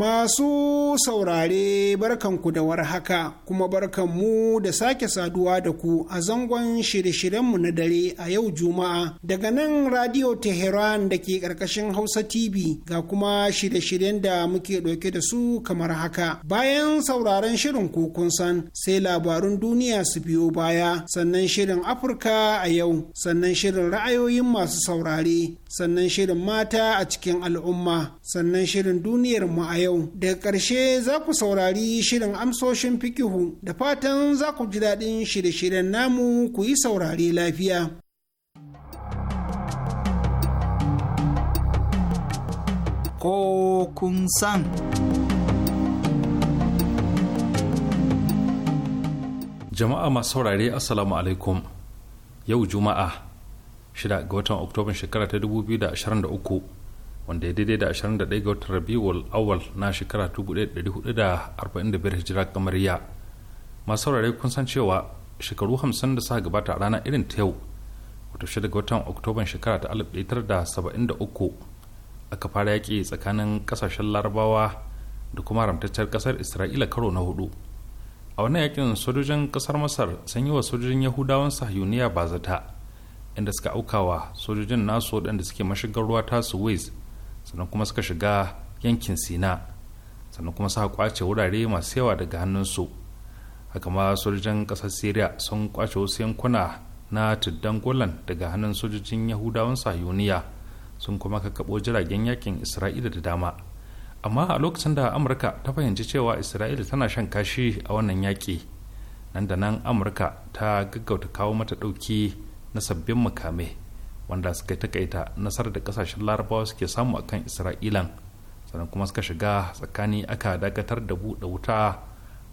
Masu saurare barkanku da warhaka kuma barkanmu da sake saduwa da ku a zangon shirye-shiryenmu na dare a yau Juma'a daga nan Radio Teheran da ke ƙarƙashin Hausa TV ga kuma shirye-shiryen da muke ɗauke da su kamar haka. Bayan sauraron shirin kokun san sai labarun duniya su biyo baya sannan shirin Afirka a yau sannan shirin ra'ayoyin masu saurare sannan shirin mata a cikin al'umma sannan shirin duniyar mu a yau. yau daga ƙarshe za ku saurari shirin amsoshin fikihu da fatan za ku ji daɗin shirye-shiryen namu ku yi saurari lafiya. Ko kun san. Jama'a masu saurare Assalamu alaikum yau Juma'a shida ga watan Oktoban shekara ta 2023. wanda ya daidai da 21 ga watan rabiul awal na shekara 1445 hijira kamar ya masu saurare kun san cewa shekaru 50 da suka gabata a rana irin ta yau wato shida ga watan oktoban shekara ta 1973 aka fara yaƙi tsakanin ƙasashen larabawa da kuma haramtacciyar ƙasar isra'ila karo na hudu a wannan yakin sojojin ƙasar masar sun yi wa sojojin yahudawan sahiyuniya bazata inda suka aukawa sojojin nasu waɗanda suke mashigar ruwa ta suwais sannan kuma suka shiga yankin sina sannan kuma suka kwace wurare masu yawa daga hannunsu haka ma sojojin ƙasar syria sun kwace wasu yankuna na tuddan golan daga hannun sojojin yahudawan sayuniya sun kuma kakkaɓo jiragen yakin isra'ila da dama amma a lokacin da amurka ta fahimci cewa isra'ila tana shan kashi a wannan yaƙi nan da nan amurka ta gaggauta kawo mata ɗauki na sabbin mukamai wanda suka takaita nasarar da kasashen larabawa suke samu a kan isra'ilan sannan kuma suka shiga tsakani aka dakatar da buɗe wuta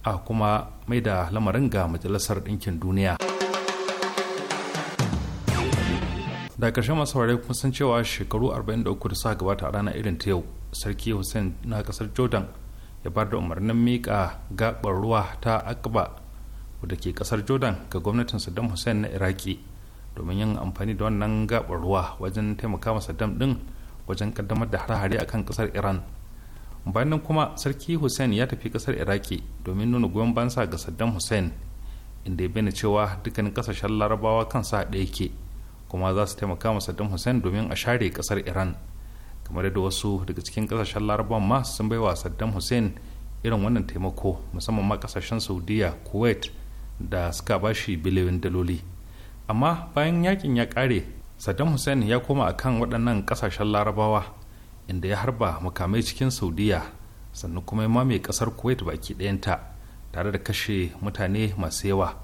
a kuma mai da lamarin ga majalisar ɗinkin duniya da ƙarshen masu saurare kuma san cewa shekaru 43 da suka gabata a ranar irin ta yau sarki hussein na kasar jordan ya bar da umarnin miƙa gaɓar ruwa ta akaba da ke ƙasar jordan ga gwamnatin saddam hussein na iraki domin yin amfani da wannan gabar ruwa wajen taimaka masa dam din wajen kaddamar da harhari a akan kasar iran bayan nan kuma sarki hussein ya tafi kasar iraki domin nuna goyon bansa ga saddam hussein inda ya bayyana cewa dukkanin kasashen larabawa kan sa ɗaya ke kuma za su taimaka masa saddam hussein domin a share kasar iran kamar da wasu daga cikin kasashen larabawan ma sun baiwa saddam hussein irin wannan taimako musamman ma kasashen saudiya kuwait da suka bashi biliyoyin daloli amma bayan yakin ya ƙare saddam hussein ya koma a kan waɗannan ƙasashen larabawa inda ya harba makamai cikin saudiya sannan kuma ya mame ƙasar kuwait baki ɗayanta tare da kashe mutane masu yawa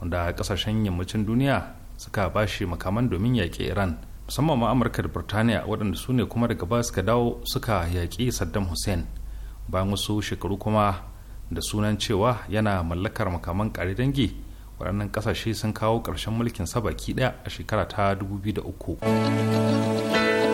wanda ƙasashen yammacin duniya suka ba shi makaman domin yaƙi iran musamman ma amurka da birtaniya waɗanda su ne kuma daga baya suka dawo suka yaƙi saddam hussein bayan wasu shekaru kuma da sunan cewa yana mallakar makaman ƙare dangi waɗannan ƙasashe sun kawo ƙarshen mulkin sa baki ɗaya a shekara ta 2003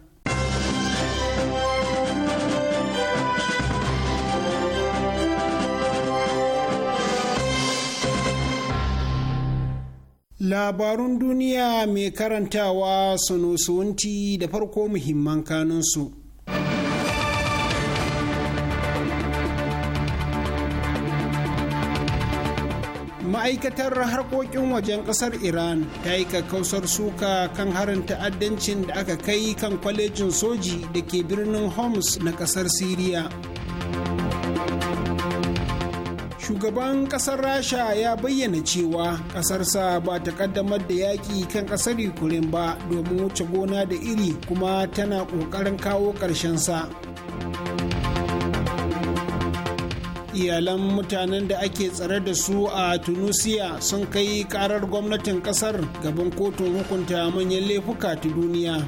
Labarun duniya mai karantawa sunusunti da farko muhimman kanunsu. ma'aikatar harkokin wajen kasar iran ta yi kakkausar suka kan harin ta'addancin da aka kai kan kwalejin soji da ke birnin homs na kasar siriya shugaban kasar rasha ya bayyana cewa kasarsa ba ta kaddamar da yaƙi kan kasar ukraine ba domin wuce gona da iri kuma tana ƙoƙarin kawo sa. iyalan mutanen da ake tsare da su a tunisia sun kai karar gwamnatin kasar gaban kotun hukunta manyan laifuka ta duniya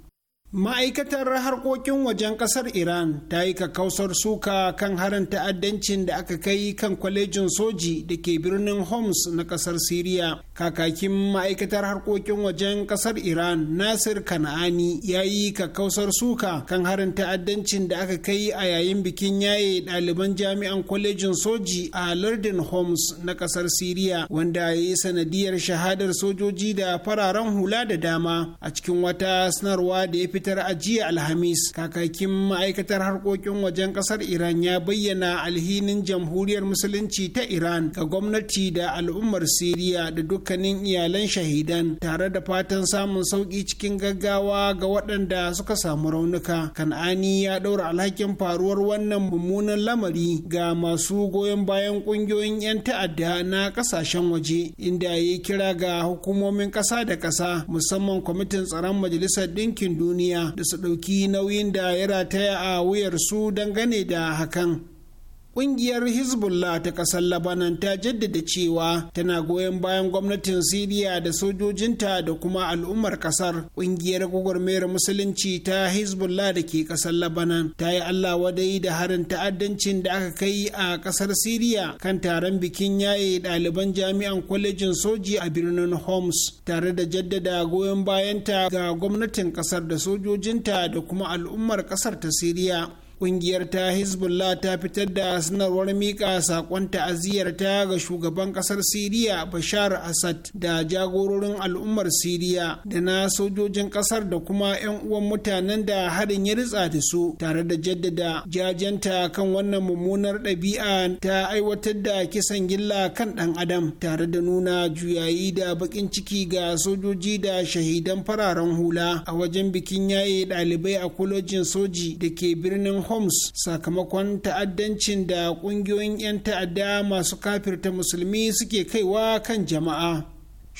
Ma'aikatar harkokin wajen kasar Iran ta yi kakausar suka kan harin ta'addancin da aka kai kan kwalejin soji da ke birnin Homs na kasar Siriya. Kakakin ma'aikatar harkokin wajen kasar Iran Nasir Kana'ani ya yi kakausar suka kan harin ta'addancin da aka kai a yayin bikin yaye ɗaliban jami'an kwalejin soji a lardin Homs na kasar Siriya wanda ya yi sanadiyar shahadar sojoji da fararen hula da dama a cikin wata sanarwa da ya fitar a jiya alhamis kakakin ma'aikatar harkokin wajen kasar iran ya bayyana alhinin jamhuriyar musulunci ta iran ga gwamnati da al'ummar siriya da dukkanin iyalan shahidan tare da fatan samun sauki cikin gaggawa ga waɗanda suka samu raunuka kan'ani ya ɗaura alhakin faruwar wannan mummunan lamari ga masu goyon bayan ƙungiyoyin 'yan ta'adda na ƙasashen waje inda ya kira ga hukumomin ƙasa da ƙasa musamman kwamitin tsaron majalisar ɗinkin duniya duniya da su ɗauki nauyin da ya rataya a wuyarsu dangane da hakan Ƙungiyar Hezbollah ta ƙasar Labanan ta jaddada cewa tana goyon bayan gwamnatin Siriya da sojojinta da kuma al'ummar ƙasar. Ƙungiyar gwagwarmayar Musulunci ta Hezbollah da ke ƙasar Labanan ta yi Allah wadai da harin ta'addancin da aka kai a ƙasar Siriya kan taron bikin yaye ɗaliban jami'an kwalejin soji a birnin Homs tare da jaddada goyon bayanta ga gwamnatin ƙasar da sojojinta da kuma al'ummar ƙasar ta Siriya. kungiyar ta hezbollah ta fitar da sanarwar mika sakon ta'aziyyar ta ga shugaban kasar siriya bashar assad da jagororin al'ummar siriya da na sojojin kasar da kuma 'yan uwan mutanen da harin ya ritsa da su tare da jaddada jajanta kan wannan mummunar ɗabi'a ta aiwatar da kisan gilla kan ɗan adam tare da nuna juyayi da baƙin ciki ga sojoji da shahidan fararen hula a wajen bikin yaye ɗalibai a kwalejin soji da ke birnin Homs sakamakon ta'addancin da ƙungiyoyin 'yan ta'adda masu kafirta musulmi suke kaiwa kan jama'a.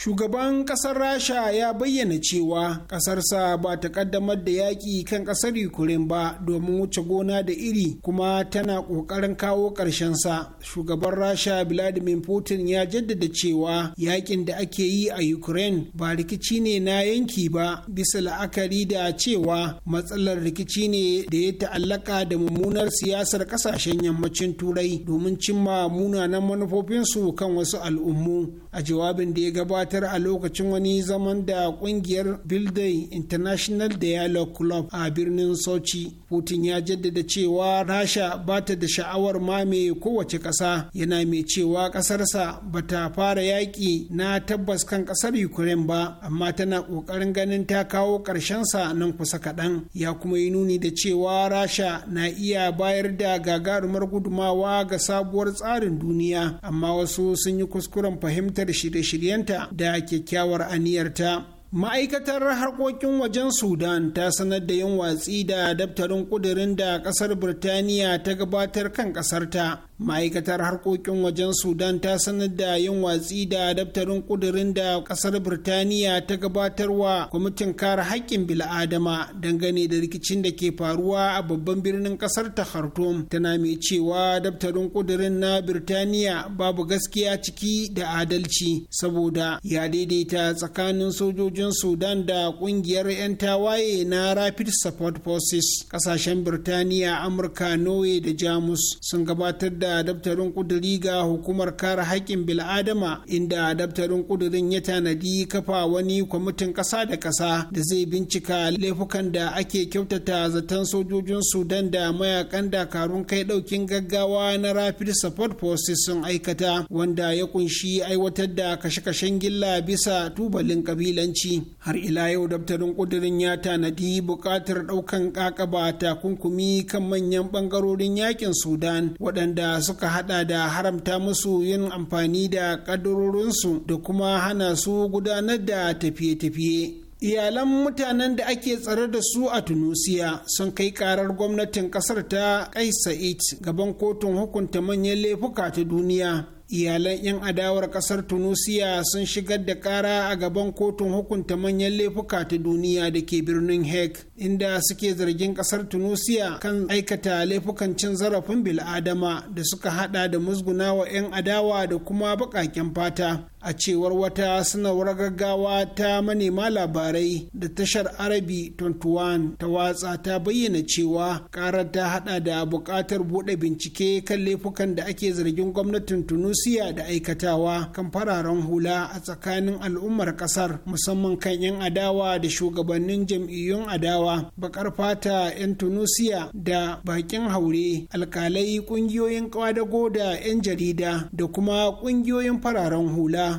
shugaban kasar rasha ya bayyana cewa kasarsa ba ta kaddamar da yaƙi kan kasar ukraine ba domin wuce gona da iri kuma tana ƙoƙarin kawo sa shugaban rasha vladimir putin ya jaddada cewa yaƙin da ake yi a ukraine ba rikici ne na yanki ba bisa la'akari da cewa matsalar rikici ne da ya ta'allaka da mummunar siyasar kasashen yammacin turai domin cimma munanan manufofinsu kan wasu al'ummu a jawabin da ya gabatar a lokacin wani zaman da kungiyar Bilday International Dialogue Club a birnin Sochi. Putin ya jaddada cewa Rasha ba ta da sha'awar mame kowace ƙasa yana mai cewa ƙasarsa ba ta fara yaƙi na tabbas kan ƙasar Ukraine ba amma tana ƙoƙarin ganin ta kawo ƙarshensa nan kusa kaɗan ya kuma yi nuni da cewa Rasha na iya bayar da gagarumar gudumawa ga sabuwar tsarin duniya amma wasu sun yi kuskuren fahimta gabatar da shirye-shiryenta da kyakkyawar aniyarta. ma'aikatar harkokin wajen sudan ta sanar da yin watsi da daftarin kudirin da ƙasar birtaniya ta gabatar kan ƙasarta. ma'aikatar harkokin wajen sudan ta sanar da yin watsi da daftarin kudirin da kasar birtaniya ta gabatarwa kwamitin kare haƙƙin bil'adama dangane da rikicin da ke faruwa a babban birnin kasar ta khartoum tana mai cewa daftarin kudirin na birtaniya babu gaskiya ciki da adalci saboda ya daidaita tsakanin sojojin sudan da ƙungiyar 'yan tawaye na rapid support forces kasashen birtaniya amurka norway da jamus sun gabatar da a daftarin kuduri ga hukumar kare haƙƙin bil'adama inda daftarin kudurin ya tanadi kafa wani kwamitin ƙasa da ƙasa da zai bincika laifukan da ake kyautata zaton sojojin sudan da mayakan dakarun kai ɗaukin gaggawa na rapid support forces sun aikata wanda ya kunshi aiwatar da kashe-kashen gilla bisa tubalin kabilanci har ila yau daftarin kudurin ya tanadi buƙatar ɗaukan ƙaƙaba takunkumi kan manyan ɓangarorin yakin sudan waɗanda da suka hada da haramta musu yin amfani da ƙaddarorinsu da kuma hana su gudanar da tafiye-tafiye iyalan mutanen da ake tsare da su a tunusiya sun kai karar gwamnatin kasar ta kais sa'id gaban kotun hukunta manyan laifuka ta duniya iyalan 'yan adawar kasar tunisia sun shigar da kara a gaban kotun hukunta manyan laifuka ta duniya da ke birnin hek inda suke zargin kasar tunisia kan aikata laifukan cin zarafin bil'adama da suka hada da musguna wa 'yan adawa da kuma baƙaƙen fata a cewar wata sanarwar gaggawa ta manema labarai da tashar arabi 21 ta watsa ta bayyana cewa karar ta hada da bukatar bude bincike kan laifukan da ake zargin gwamnatin tunisia da aikatawa kan fararen hula a tsakanin al'ummar kasar musamman kan 'yan adawa da shugabannin jam'iyyun adawa bakar fata 'yan tunisia da bakin haure alkalai kungiyoyin kwadago da 'yan jarida da kuma kungiyoyin fararen hula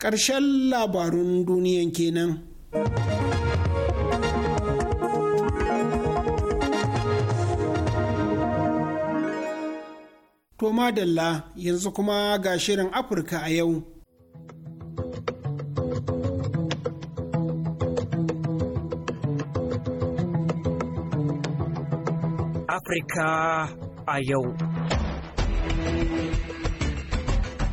ƙarshen labarun duniyan kenan. To madalla yanzu kuma ga shirin Afirka a yau. Afirka a yau.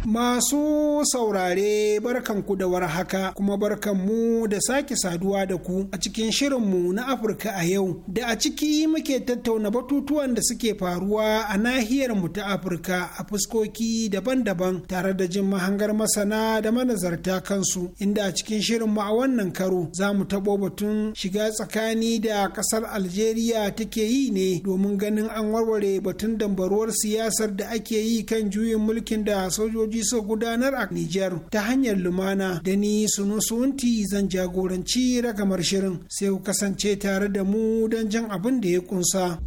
Masu saurare barkanku da haka kuma barkanmu da sake saduwa da ku a cikin shirinmu na Afirka a yau da a ciki muke tattauna batutuwan da suke faruwa a nahiyar mu ta Afirka a fuskoki daban-daban tare da jin mahangar masana da manazarta kansu inda a cikin shirinmu a wannan karo za mu taɓo batun shiga tsakani da ƙasar Algeria take yi ne domin ganin an warware batun dambaruwar siyasar da ake yi kan juyin mulkin da sojoji sojoji gudanar a Nijar ta hanyar lumana da ni sunusunti zan jagoranci ragamar shirin sai ku kasance tare da mu don jan abin da ya kunsa.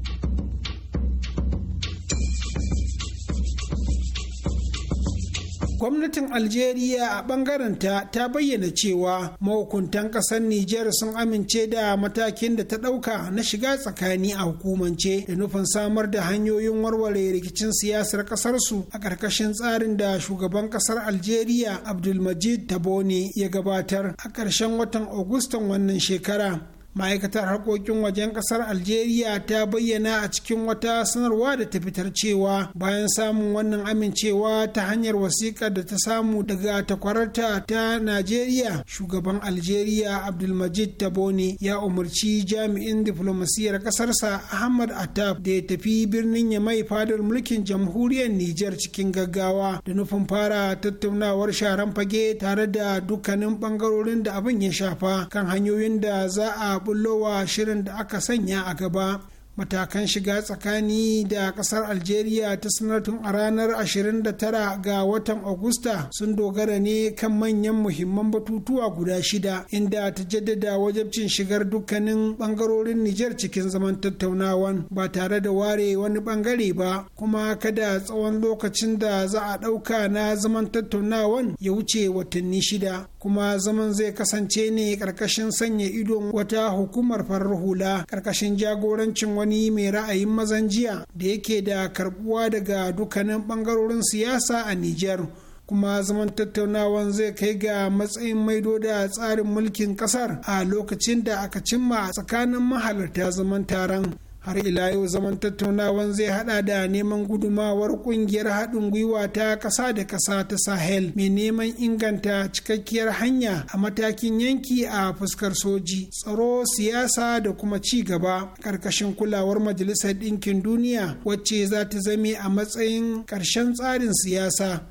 gwamnatin algeria a bangaren ta ta bayyana cewa mahukuntan kasar niger sun amince da matakin da ta ɗauka na shiga tsakani a hukumance da nufin samar da hanyoyin warware rikicin siyasar kasarsu a ƙarƙashin tsarin da shugaban kasar algeria abdulmajid tabone ya gabatar a ƙarshen watan agustan wannan shekara ma'aikatar harkokin wajen kasar algeria ta bayyana a cikin wata sanarwa da ta fitar cewa bayan samun wannan amincewa ta hanyar wasiƙa da ta samu daga takwararta ta najeriya shugaban algeria abdulmajid tabone ya umarci jami'in diflomasiyyar kasarsa ahmad atab da ya tafi birnin ya mai fadar mulkin jamhuriyar niger cikin gaggawa da nufin fara tattaunawar sharan fage tare da dukkanin bangarorin da abin ya shafa kan hanyoyin da za a bullowa shirin da aka sanya a gaba matakan shiga tsakani da kasar algeria ta sanar tun a ranar 29 ga watan agusta sun dogara ne kan manyan muhimman batutuwa guda shida inda ta jaddada wajabcin shigar dukkanin bangarorin nijar cikin zaman tattaunawan ba tare da ware wani bangare ba kuma kada tsawon lokacin da za a ɗauka na zaman tattaunawan ya wuce watanni shida kuma zaman zai kasance ne karkashin sanya idon wata hukumar farar hula karkashin jagorancin wani mai ra'ayin mazan jiya da yake da karbuwa daga dukkanin bangarorin siyasa a Nijar. kuma zaman tattaunawan zai kai ga matsayin maido da tsarin mulkin kasar a lokacin da aka cimma tsakanin mahalarta zaman taron har ila yau zaman tattaunawan zai hada da neman gudumawar kungiyar haɗin gwiwa ta ƙasa da ƙasa ta sahel mai neman inganta cikakkiyar hanya a matakin yanki a fuskar soji tsaro siyasa da kuma ci gaba ƙarƙashin kulawar majalisar ɗinkin duniya wacce za ta zame a matsayin ƙarshen tsarin siyasa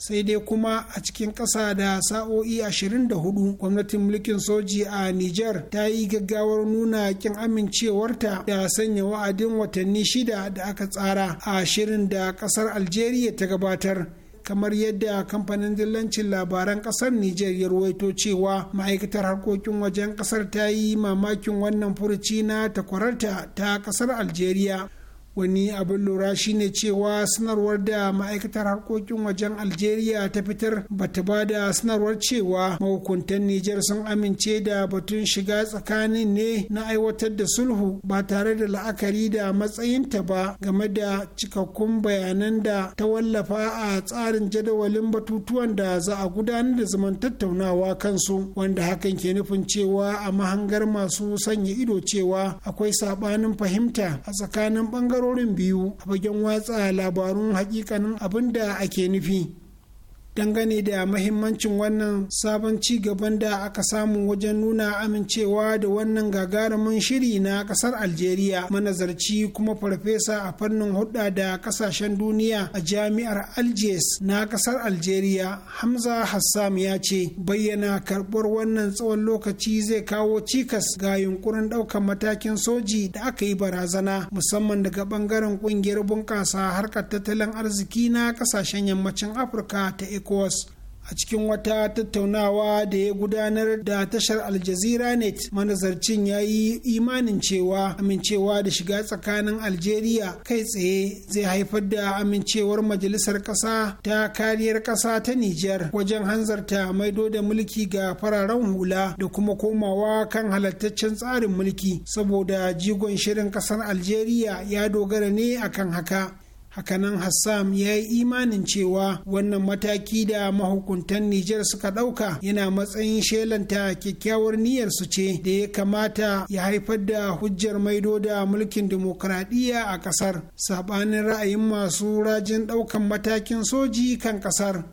sai dai kuma a cikin ƙasa da sa'o'i 24 gwamnatin mulkin soji a Nijar ta yi gaggawar nuna ƙin amincewarta da sanya wa'adin watanni shida da aka tsara a shirin da ƙasar Algeria ta gabatar. kamar yadda kamfanin dillancin labaran ƙasar Nijar ya ruwaito cewa ma'aikatar harkokin wajen ƙasar ta yi mamakin wannan furuci na takwararta ta ƙasar Algeria wani abin lura shine cewa sanarwar da ma'aikatar harkokin wajen algeria ta fitar bata ba da sanarwar cewa mahukuntan nijar sun amince da batun shiga tsakanin ne na aiwatar da sulhu ba tare da la'akari da matsayinta ba game da cikakkun bayanan da ta wallafa a tsarin jadawalin batutuwan da za a gudanar da zaman tattaunawa kansu wanda hakan ke nufin cewa a mahangar masu sanya ido cewa akwai saɓanin fahimta a tsakanin ɓangarorin bangarorin biyu a fagen watsa labarun hakikanin abin da ake nufi dangane da mahimmancin wannan sabon ci gaban da aka samu wajen nuna amincewa da wannan gagarumin shiri na kasar algeria manazarci kuma farfesa a fannin hudda da kasashen duniya a jami'ar algiers na kasar algeria hamza hassam ya ce bayyana karɓar wannan tsawon lokaci zai kawo cikas ga yunkurin ɗaukar matakin soji da aka yi barazana musamman daga bangaren ƙungiyar bunƙasa harkar tattalin arziki na ƙasashen yammacin afirka ta ecowas a cikin wata tattaunawa da ya gudanar da tashar aljazira net manazarcin ya yi imanin cewa amincewa da shiga tsakanin algeria kai tsaye zai haifar da amincewar majalisar ƙasa ta kariyar ƙasa ta nijar wajen hanzarta maido da mulki ga fararen hula da kuma komawa kan halattaccen tsarin mulki saboda jigon shirin ƙasar algeria ya dogara ne akan haka hakanan hassam ya yi imanin cewa wannan mataki da mahukuntan nijar suka ɗauka yana matsayin shelanta kyakkyawar niyyar su ce da ya kamata ya haifar da hujjar maido da mulkin dimokuraɗiyya a ƙasar saɓanin ra'ayin masu rajin ɗaukan matakin soji kan ƙasar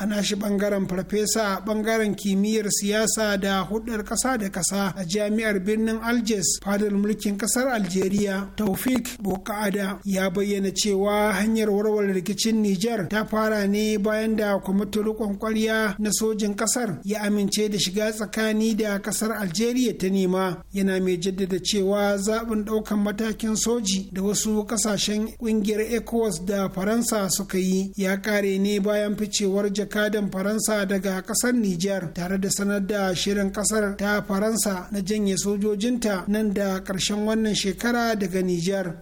Ana shi bangaren farfesa a bangaren kimiyyar siyasa da hudar kasa da kasa a jami'ar birnin Aljes, fadar mulkin kasar algeria taufik boka'ada ya bayyana cewa hanyar warware rikicin niger ta fara ne bayan da kwamitin rikon kwarya na sojin kasar ya amince da shiga tsakani da kasar algeria ta nema yana mai jaddada cewa zaɓin ɗaukan matakin soji da wasu ƙasashen ƙungiyar ecowas da faransa suka yi ya ƙare ne bayan ficewar jakadan faransa daga kasar niger tare da sanar da shirin kasar ta faransa na janye sojojinta nan da karshen wannan shekara daga niger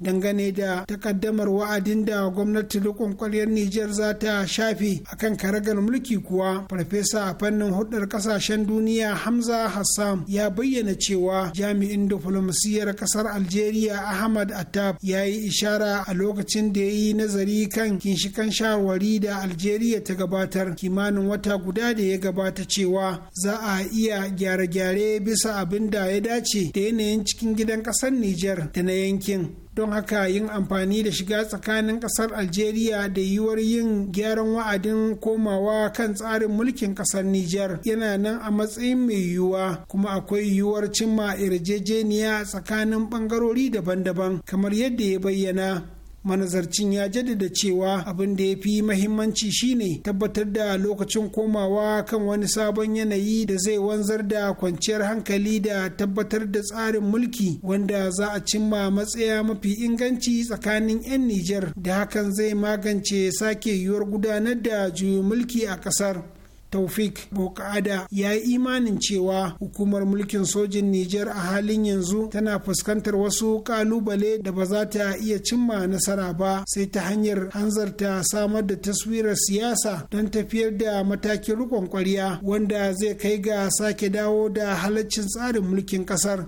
dangane da takaddamar wa'adin da gwamnati rikon kwaryar Nijar za ta shafe akan karagar mulki kuwa farfesa a fannin hudar kasashen duniya Hamza Hassam ya bayyana cewa jami'in diflomasiyyar kasar Algeria Ahmad Attab ya yi ishara a lokacin da ya yi nazari kan ginshikan shawari da Algeria ta gabatar kimanin wata guda da ya gabata cewa za a iya gyare-gyare bisa abin da ya dace da yanayin cikin gidan kasar Nijar da na yankin don haka yin amfani da shiga tsakanin kasar algeria da yiwuwar yin gyaran wa'adin komawa kan tsarin mulkin kasar niger yana nan a matsayin mai yiwuwa kuma akwai yiwuwar cimma yarjejeniya tsakanin bangarori daban-daban kamar yadda ya bayyana manazarcin ya jaddada cewa abin da ya fi mahimmanci shine tabbatar da lokacin komawa kan wani sabon yanayi da zai wanzar da kwanciyar hankali da tabbatar da tsarin mulki wanda za a cimma matsaya mafi inganci tsakanin 'yan Nijar da hakan zai magance sake yiwuwar gudanar da juyin mulki a kasar. taufik bokada ya yi imanin cewa hukumar mulkin sojin nijar a halin yanzu tana fuskantar wasu kalubale da ba za ta iya cimma nasara ba sai ta hanyar hanzarta samar da taswirar siyasa don tafiyar da matakin rikon kwarya wanda zai kai ga sake dawo da halaccin tsarin mulkin kasar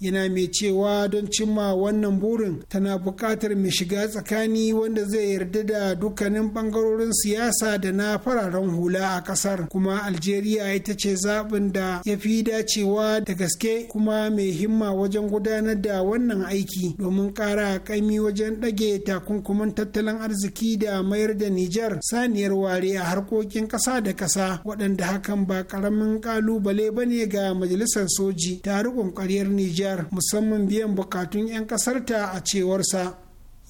yana mai cewa don cimma wannan burin tana buƙatar mai shiga tsakani wanda zai yarda da dukkanin ɓangarorin siyasa da na fararen hula a ƙasar kuma algeria ita ce zaɓin da ya fi dacewa da gaske kuma mai himma wajen gudanar da wannan aiki domin ƙara ƙaimi wajen ɗage takunkuman tattalin arziki da mayar da nijar saniyar ware a harkokin ƙasa da ƙasa waɗanda hakan ba ƙaramin ƙalubale ba ne ga majalisar soji ta riƙon nijar kungiyar musamman biyan bukatun 'yan kasarta a cewarsa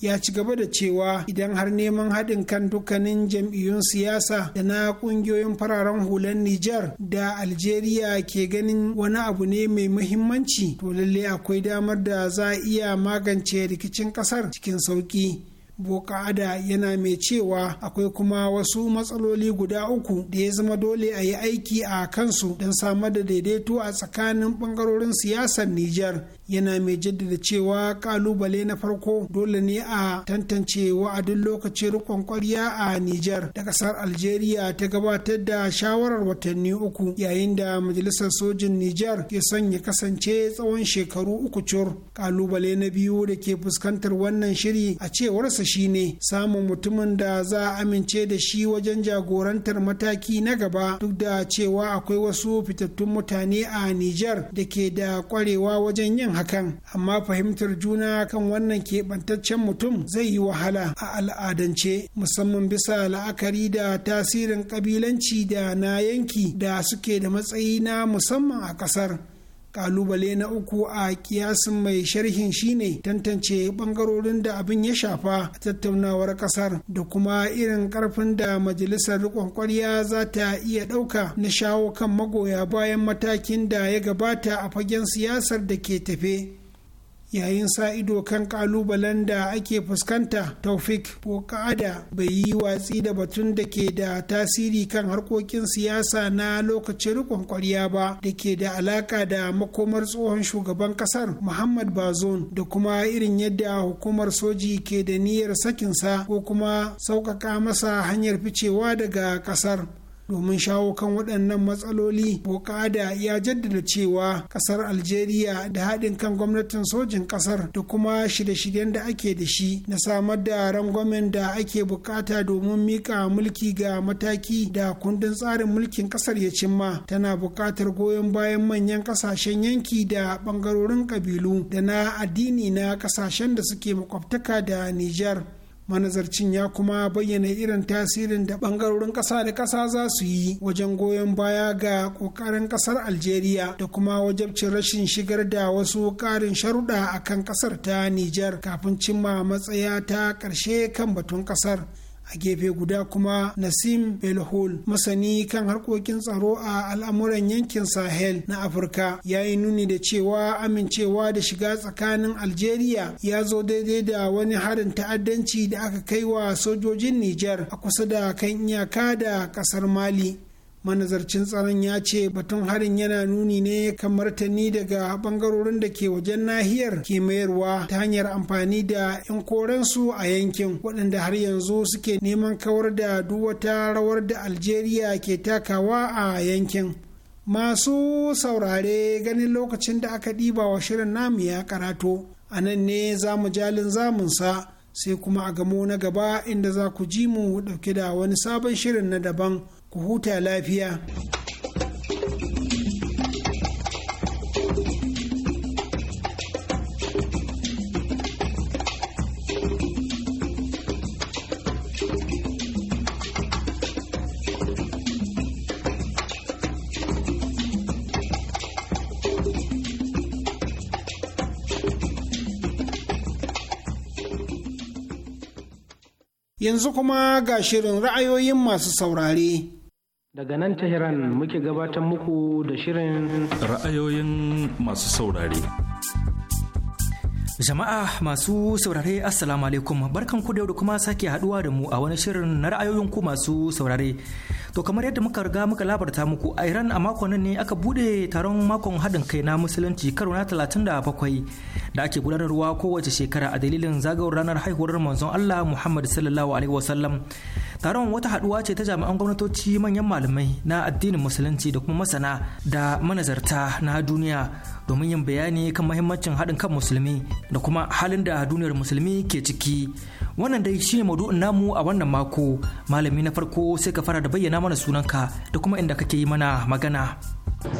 ya ci gaba da cewa idan har neman haɗin kan dukkanin jam'iyyun siyasa da na ƙungiyoyin fararen hulan Nijar da Algeria ke ganin wani abu ne mai muhimmanci to lalle akwai damar da za a iya magance rikicin ƙasar cikin sauƙi. bokada yana mai cewa akwai kuma wasu matsaloli guda uku da ya zama dole a yi aiki a kansu don samar da daidaito a tsakanin bangarorin siyasar Nijar yana mai jaddada cewa kalubale na farko dole ne a tantance wa'adin lokacin rikon kwarya a Nijar da kasar Algeria ta gabatar da shawarar watanni uku yayin da majalisar sojin Nijar ke son ya kasance tsawon shekaru uku cur kalubale na biyu da ke fuskantar wannan shiri a cewarsa shine samun mutumin da za a amince da shi wajen jagorantar mataki na gaba duk da cewa akwai wasu fitattun mutane a Nijar da ke da kwarewa wajen yin hakan amma fahimtar juna kan wannan keɓantaccen mutum zai yi wahala a al'adance musamman bisa la'akari da tasirin ƙabilanci da na yanki da suke da matsayi na musamman a ƙasar kalubale na uku a kiyasin mai sharhin shine tantance bangarorin da abin ya shafa a tattaunawar kasar da kuma irin karfin da majalisar rikon kwarya za ta iya ɗauka na shawo kan magoya bayan matakin da ya gabata a fagen siyasar da ke tafe yayin sa ido kan kalubalen da ake fuskanta taufik bokada bai yi watsi da batun da ke da tasiri kan harkokin siyasa na lokacin rikon kwarya ba da ke da alaka da makomar tsohon shugaban kasar muhammad bazon da kuma irin yadda hukumar soji ke da niyyar sakinsa ko kuma sauƙaƙa masa hanyar ficewa daga kasar domin shawo kan waɗannan matsaloli bokada ya jaddada cewa ƙasar algeria da haɗin kan gwamnatin sojin ƙasar da kuma shirye-shiryen da ake da shi na samar da rangwamen da ake bukata domin mika mulki ga mataki da kundin tsarin mulkin ƙasar ya cimma tana buƙatar goyon bayan manyan ƙasashen yanki da ɓangarorin ƙabilu da na addini na ƙasashen da suke makwabtaka da nijar manazarcin ya kuma bayyana irin tasirin da bangarorin ƙasa da ƙasa za su yi wajen goyon baya ga ƙoƙarin ƙasar algeria da kuma wajabcin rashin shigar da wasu ƙarin sharuɗa akan kan ƙasar ta niger kafin cimma matsaya ta ƙarshe kan batun ƙasar a gefe guda kuma nasim belhol masani kan harkokin tsaro a al'amuran yankin sahel na afirka ya yi nuni da cewa amincewa da shiga tsakanin algeria ya zo daidai da wani harin ta'addanci da aka kai wa sojojin nijar a kusa da kan iyaka da kasar mali manazarcin tsaron ya ce batun harin yana nuni ne kan martani daga bangarorin da ke wajen nahiyar ke mayarwa ta hanyar amfani da 'yan korensu a yankin waɗanda har yanzu suke neman kawar da duk wata rawar da algeria ke takawa a yankin masu saurare ganin lokacin da aka ɗiba wa shirin namu ya karato a nan ne za mu jalin zamunsa sai kuma a gamo na gaba inda za ku ji mu ɗauke da wani sabon shirin na daban. ku huta lafiya yanzu kuma ga shirin ra'ayoyin masu saurare. Daga nan Tehran muke gabatar muku da shirin ra'ayoyin masu saurare. Jama'a masu saurare Assalamu alaikum barkan ku da yau da kuma sake haduwa da mu a wani shirin na ra'ayoyin ku masu saurare. To kamar yadda muka riga muka labarta muku a Iran a makon nan ne aka bude taron makon haɗin kai na musulunci karo na 37 da ake gudanarwa kowace shekara a dalilin zagawar ranar haihuwar manzon Allah Muhammad sallallahu alaihi wasallam. Taron wata haɗuwa ce ta jami'an gwamnatoci manyan malamai na addinin musulunci da kuma masana da manazarta na duniya domin yin bayani kan mahimmancin haɗin kan musulmi da kuma halin da duniyar musulmi ke ciki wannan dai shine maudu'in namu a wannan mako malami na farko sai ka fara da bayyana mana sunanka da kuma inda kake yi mana magana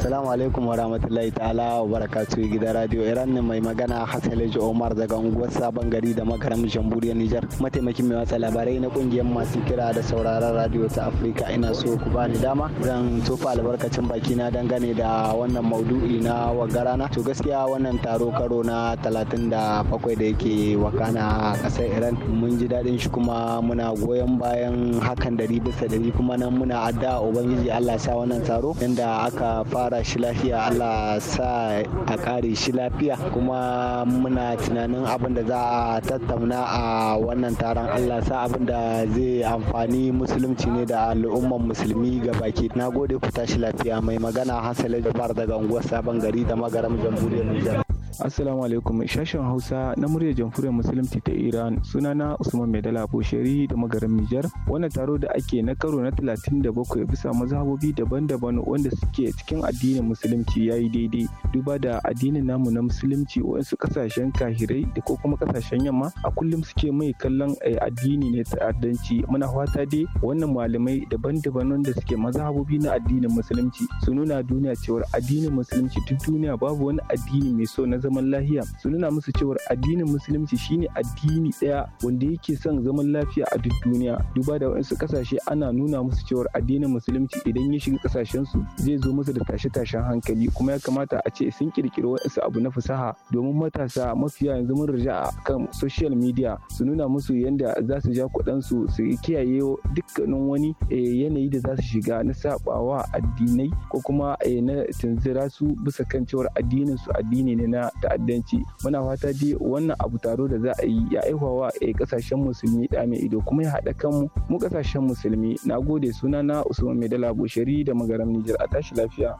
Salamu alaikum wa rahmatullahi ta'ala wa barakatu gidan radio Iran ne mai magana Hassan Hassanaji Omar daga unguwar Sabon Gari da makaram Jamhuriyar Nijar. Mataimakin mai watsa labarai na kungiyar masu kira da sauraron radio ta Afirka ina so ku ba ni dama zan tofa albarkacin baki na dangane da wannan maudu'i na wagarana. To gaskiya wannan taro karo na 37 da yake wakana a kasar Iran mun ji daɗin shi kuma muna goyon bayan hakan dari bisa dari kuma nan muna adda ubangiji Allah sa wannan taro inda aka fara shi lafiya Allah sa a kare shi lafiya kuma muna tunanin abin da za a tattauna a wannan taron Allah sa abin da zai amfani musulunci ne da al'umman musulmi ga baki na gode ku tashi lafiya mai magana hasali jabar daga unguwar sabon gari da magaram jamhuriyar Nijar. Assalamu alaikum shashin Hausa na muryar Jamhuriyar Musulunci ta Iran sunana Usman Maidala Bushari da magarin Nijar wannan taro da ake na karo na 37 bisa mazhabobi daban-daban wanda suke cikin addinin musulunci yayi daidai duba da addinin namu na musulunci wasu kasashen kahirai da ko kuma kasashen yamma a kullum suke mai kallon eh, addini ne ta ta'addanci muna fata dai wannan malamai daban-daban wanda suke mazhabobi na addinin musulunci su nuna duniya cewar addinin musulunci duk duniya babu wani addini mai so na na zaman lafiya su nuna musu cewar addinin musulunci shine addini daya wanda yake son zaman lafiya a duk duniya duba da waɗansu kasashe ana nuna musu cewar addinin musulunci idan ya shiga su zai zo musu da tashe-tashen hankali kuma ya kamata a ce sun ƙirƙiri wasu abu na fasaha domin matasa mafiya yanzu mun rija a kan social media su nuna musu yadda za su ja kuɗansu su kiyaye dukkanin wani eh, yanayi da za su shiga na sabawa addinai ko kuma eh, na tunzira su bisa kan cewar addinin su addini ne na ta'addanci muna fata dai wannan abu taro da za a yi ya aihuwa a kasashen eh, musulmi da mai ido kuma ya haɗa kanmu mu kasashen musulmi na gode suna na usman dala bushari da magaram nijar a tashi lafiya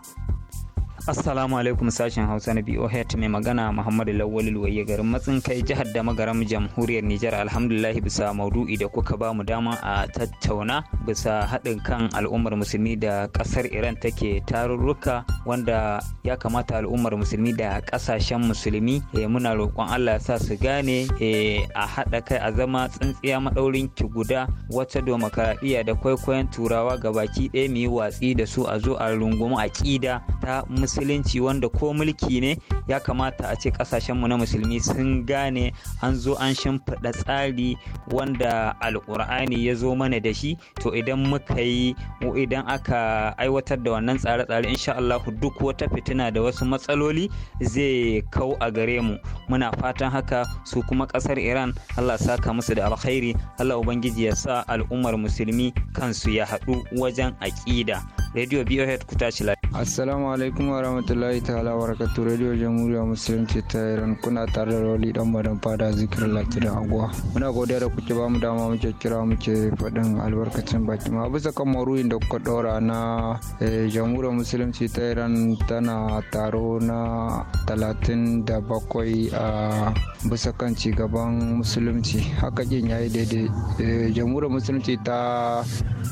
Assalamu alaikum sashen Hausa na BOHET mai magana Muhammadu Lawal Luwayi garin matsin kai jihar da magaram jamhuriyar Nijar alhamdulillahi bisa maudu'i da kuka ba mu dama a tattauna bisa haɗin kan al'ummar musulmi da ƙasar Iran take tarurruka wanda ya kamata al'ummar musulmi da ƙasashen musulmi e, muna roƙon Allah ya sa su gane e, a haɗa kai a zama tsintsiya maɗaurin ki guda wata domokaraɗiyya da kwaikwayon turawa gabaki ɗaya mu yi watsi da su a zo a rungumi aƙida ta musulmi musulunci wanda ko mulki ne ya kamata a ce kasashenmu na musulmi sun gane an zo an shimfiɗa tsari wanda alkur'ani ya zo mana da shi to idan muka yi idan aka aiwatar da wannan tsare-tsare insha Allah duk wata fitina da wasu matsaloli zai kau a gare mu muna fatan haka su kuma kasar Iran Allah saka musu da alkhairi Allah ubangiji ya sa al'ummar musulmi kansu ya haɗu wajen aƙida radio BOH ku tashi lafiya assalamu alaikum wa warahmatullahi ta'ala wa barakatu radio jamhuriyar musulunci ta iran kuna tare da roli dan madan fada zikir lati da agwa muna godiya da kuke bamu dama muke kira mu muke faɗin albarkacin baki ma bisa kan maruyin da kuka ɗora na eh, jamhuriyar musulunci ta iran tana taro na talatin da bakwai a bisa kan cigaban musulunci haka kin yi daidai eh, jamhuriyar musulunci ta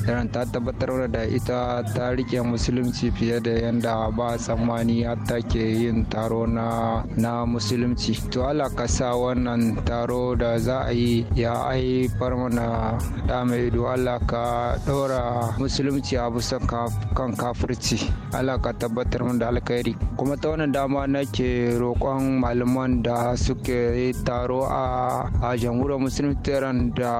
iran ta tabbatar da ita ta riƙe musulunci fiye da yanda ba a samu rahmani ya take yin taro na na musulunci to Allah ka sa wannan taro da za a yi ya ai mana da mai ido Allah ka ɗora musulunci a busa kan kafirci Allah ka tabbatar mana da alkhairi kuma ta wannan dama nake roƙon malaman da suke taro a jamhuriyar musulunci da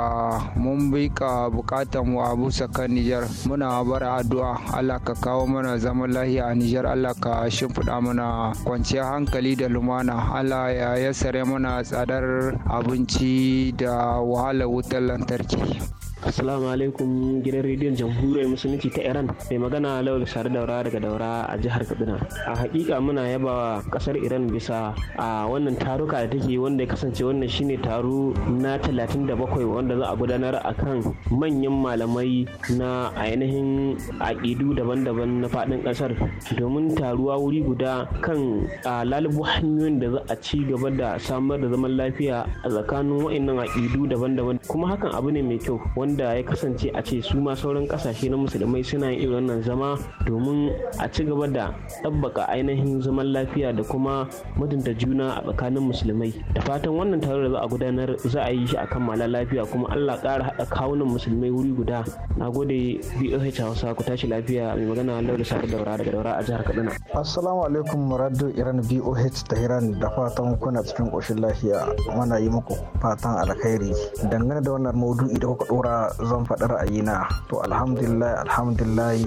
mun bika bukatan mu a busa kan Nijar muna bara addu'a Allah ka kawo mana zaman lahiya a Nijar Allah ka shimfiɗa mana kwanciyar hankali da lumana Allah ya yassare mana tsadar abinci da wahalar wutar lantarki. Assalamu alaikum gidan rediyon jamhuriyar musulunci ta Iran mai magana Lawal Sare Daura daga Daura a jihar Kaduna. A hakika muna yabawa kasar Iran bisa a wannan taruka da take wanda ya kasance wannan shine taro na 37 wanda za a gudanar a kan manyan malamai na ainihin aƙidu daban-daban na faɗin ƙasar domin taruwa wuri guda kan lalubu hanyoyin da za a ci gaba da samar da zaman lafiya a tsakanin wa'annan aƙidu daban-daban kuma hakan abu ne mai kyau wanda ya kasance a ce su ma sauran kasashe na musulmai suna yin irin wannan zama domin a ci gaba da ɗabbaka ainihin zaman lafiya da kuma mutunta juna a tsakanin musulmai da fatan wannan taron da za a gudanar za a yi shi akan mala lafiya kuma allah ƙara haɗa kawunan musulmai wuri guda na gode boh hausa ku tashi lafiya mai magana laura sa'ad daura daga daura a jihar kaduna assalamu alaikum radio iran boh iran da fatan kuna cikin ƙoshin lafiya muna yi muku fatan alkhairi dangane da wannan maudu'i da kuka ɗora zan faɗi ra'ayina to alhamdulillah alhamdulillah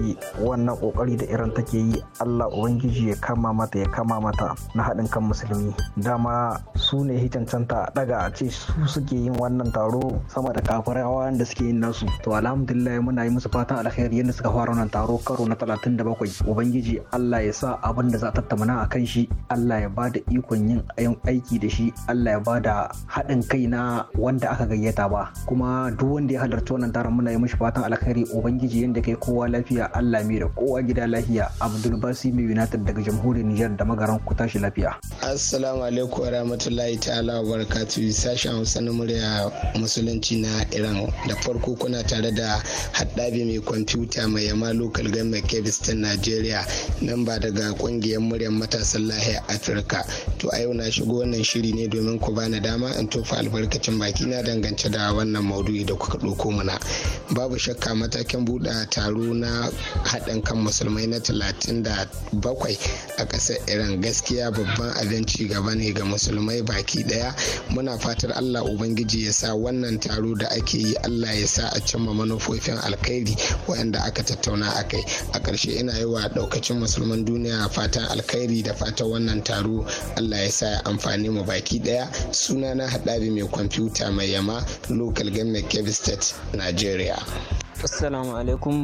wannan kokari da iran take yi allah ubangiji ya kama mata ya kama mata na haɗin kan musulmi dama su ne hicancanta daga a ce su suke yin wannan taro sama da kafarawa da suke yin nasu to alhamdulillah muna yi musu fatan alkhairi yadda suka fara wannan taro karo na 37 ubangiji allah ya sa abin da za a tattauna a kan shi allah ya ba da ikon yin aiki da shi allah ya ba da haɗin kai na wanda aka gayyata ba kuma duk wanda ya halarci halarci wannan taron muna yi mishi fatan alkhairi ubangiji yadda kai kowa lafiya Allah mai da kowa gida lafiya Abdul Basi mai United daga jamhuriyar Nijar da magaran ku tashi lafiya Assalamu alaikum rahmatullahi ta'ala wa barakatuh sashen Hausa na murya musulunci na Iran da farko kuna tare da haddabi mai kwamfuta mai yama local government Kebistan Nigeria nan ba daga kungiyar muryar matasan lahiyar Afirka to a yau na shigo wannan shiri ne domin ku bani dama in tofa albarkacin baki na dangance da wannan maudu'i da kuka ɗauko mana babu shakka matakin buɗe taro na haɗin kan musulmai na 37 a ƙasar iran gaskiya babban abin gaba ne ga musulmai baki ɗaya muna fatar allah ubangiji ya sa wannan taro da ake yi allah ya sa a cimma manufofin alkhairi waɗanda aka tattauna a kai a ƙarshe ina yi wa ɗaukacin musulman duniya fatan alkhairi da fatan wannan taro allah ya sa ya amfani mu baki ɗaya sunana haɗari mai kwamfuta mai yama local government kebbi state Nigeria. Assalamu alaikum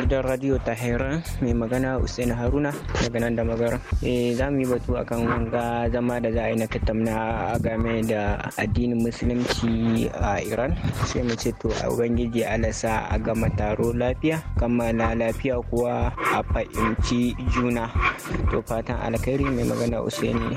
gidan radio Tahiran mai magana Usaini Haruna daga nan da magara. Eh za mu yi batu akan ga zama da za a yi na tattauna game da addinin musulunci a Iran. Sai mu ce to a Ubangiji alasa a gama taro lafiya, kammala lafiya kuwa a fahimci juna. To fatan alkhairi mai magana Usaini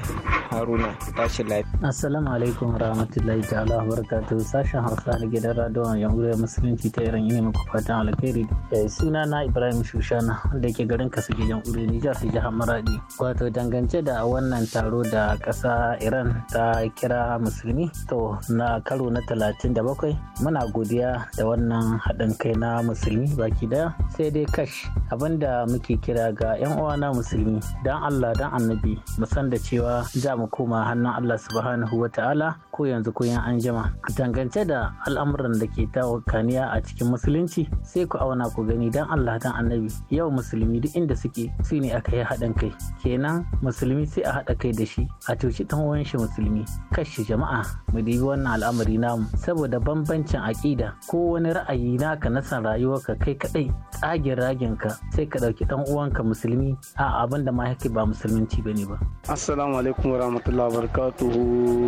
Haruna tashi lafiya. Assalamu alaikum rahmatullahi ta'ala barakatuhu sashen Hausa da gidan radio yan musulunci ta Iran yi muku fatan alkhairi eh, suna na ibrahim shushana da ke garin kasige uri nijar su jihar maradi wato dangance da wannan taro da ƙasa iran ta kira musulmi to na karo na bakwai, muna godiya da wannan haɗin kai na musulmi baki daya sai dai kash abinda muke kira ga 'yan uwana musulmi don allah don annabi musan da cewa za mu koma hannun allah subhanahu wa ta'ala ko yanzu ko yan an jima dangance da al'amuran da ke ta a cikin musulunci sai ku auna ku gani dan Allah dan annabi yau musulmi duk inda suke su ne aka yi haɗin kai kenan musulmi sai a haɗa kai da shi a cuci ɗan uwan shi musulmi kashi jama'a mu dibi wannan al'amari namu saboda bambancin aƙida ko wani ra'ayi naka na san rayuwarka kai kaɗai tsagin ragin ka sai ka ɗauki ɗan uwanka musulmi a abin da ma yake ba musulunci ba ne ba. Assalamu alaikum wa rahmatullahi wa barakatuhu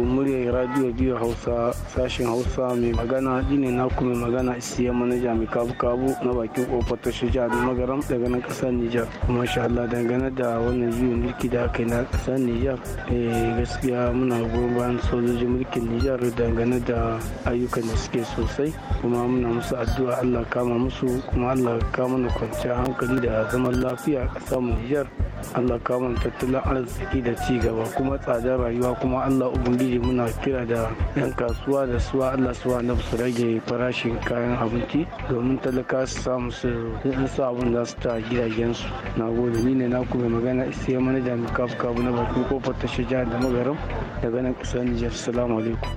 muryar radio biyu Hausa sashen Hausa mai magana dine na kuma magana isiya manaja mai kabu abu na bakin kofar ta shi jihar magaram daga nan kasar nijar kuma sha Allah dangane da wannan juyin mulki da aka yi na kasar nijar eh, gaskiya muna goyon bayan sojojin mulkin nijar dangane da ayyukan da suke sosai kuma muna musu addu'a Allah kama musu kuma Allah kama na kwanciyar hankali da zaman lafiya a kasar nijar Allah kama tattalin arziki da ci gaba kuma tsadar rayuwa kuma Allah ubangiji muna kira da yan kasuwa da suwa Allah suwa na su rage farashin kayan abinci domin domin talaka su samu su in su abin da su ta gidajensu na gode ni ne na ku mai magana mana manajan kafu kabu na bakin kofar shi jihar da magarin daga nan kusa nijar salamu alaikum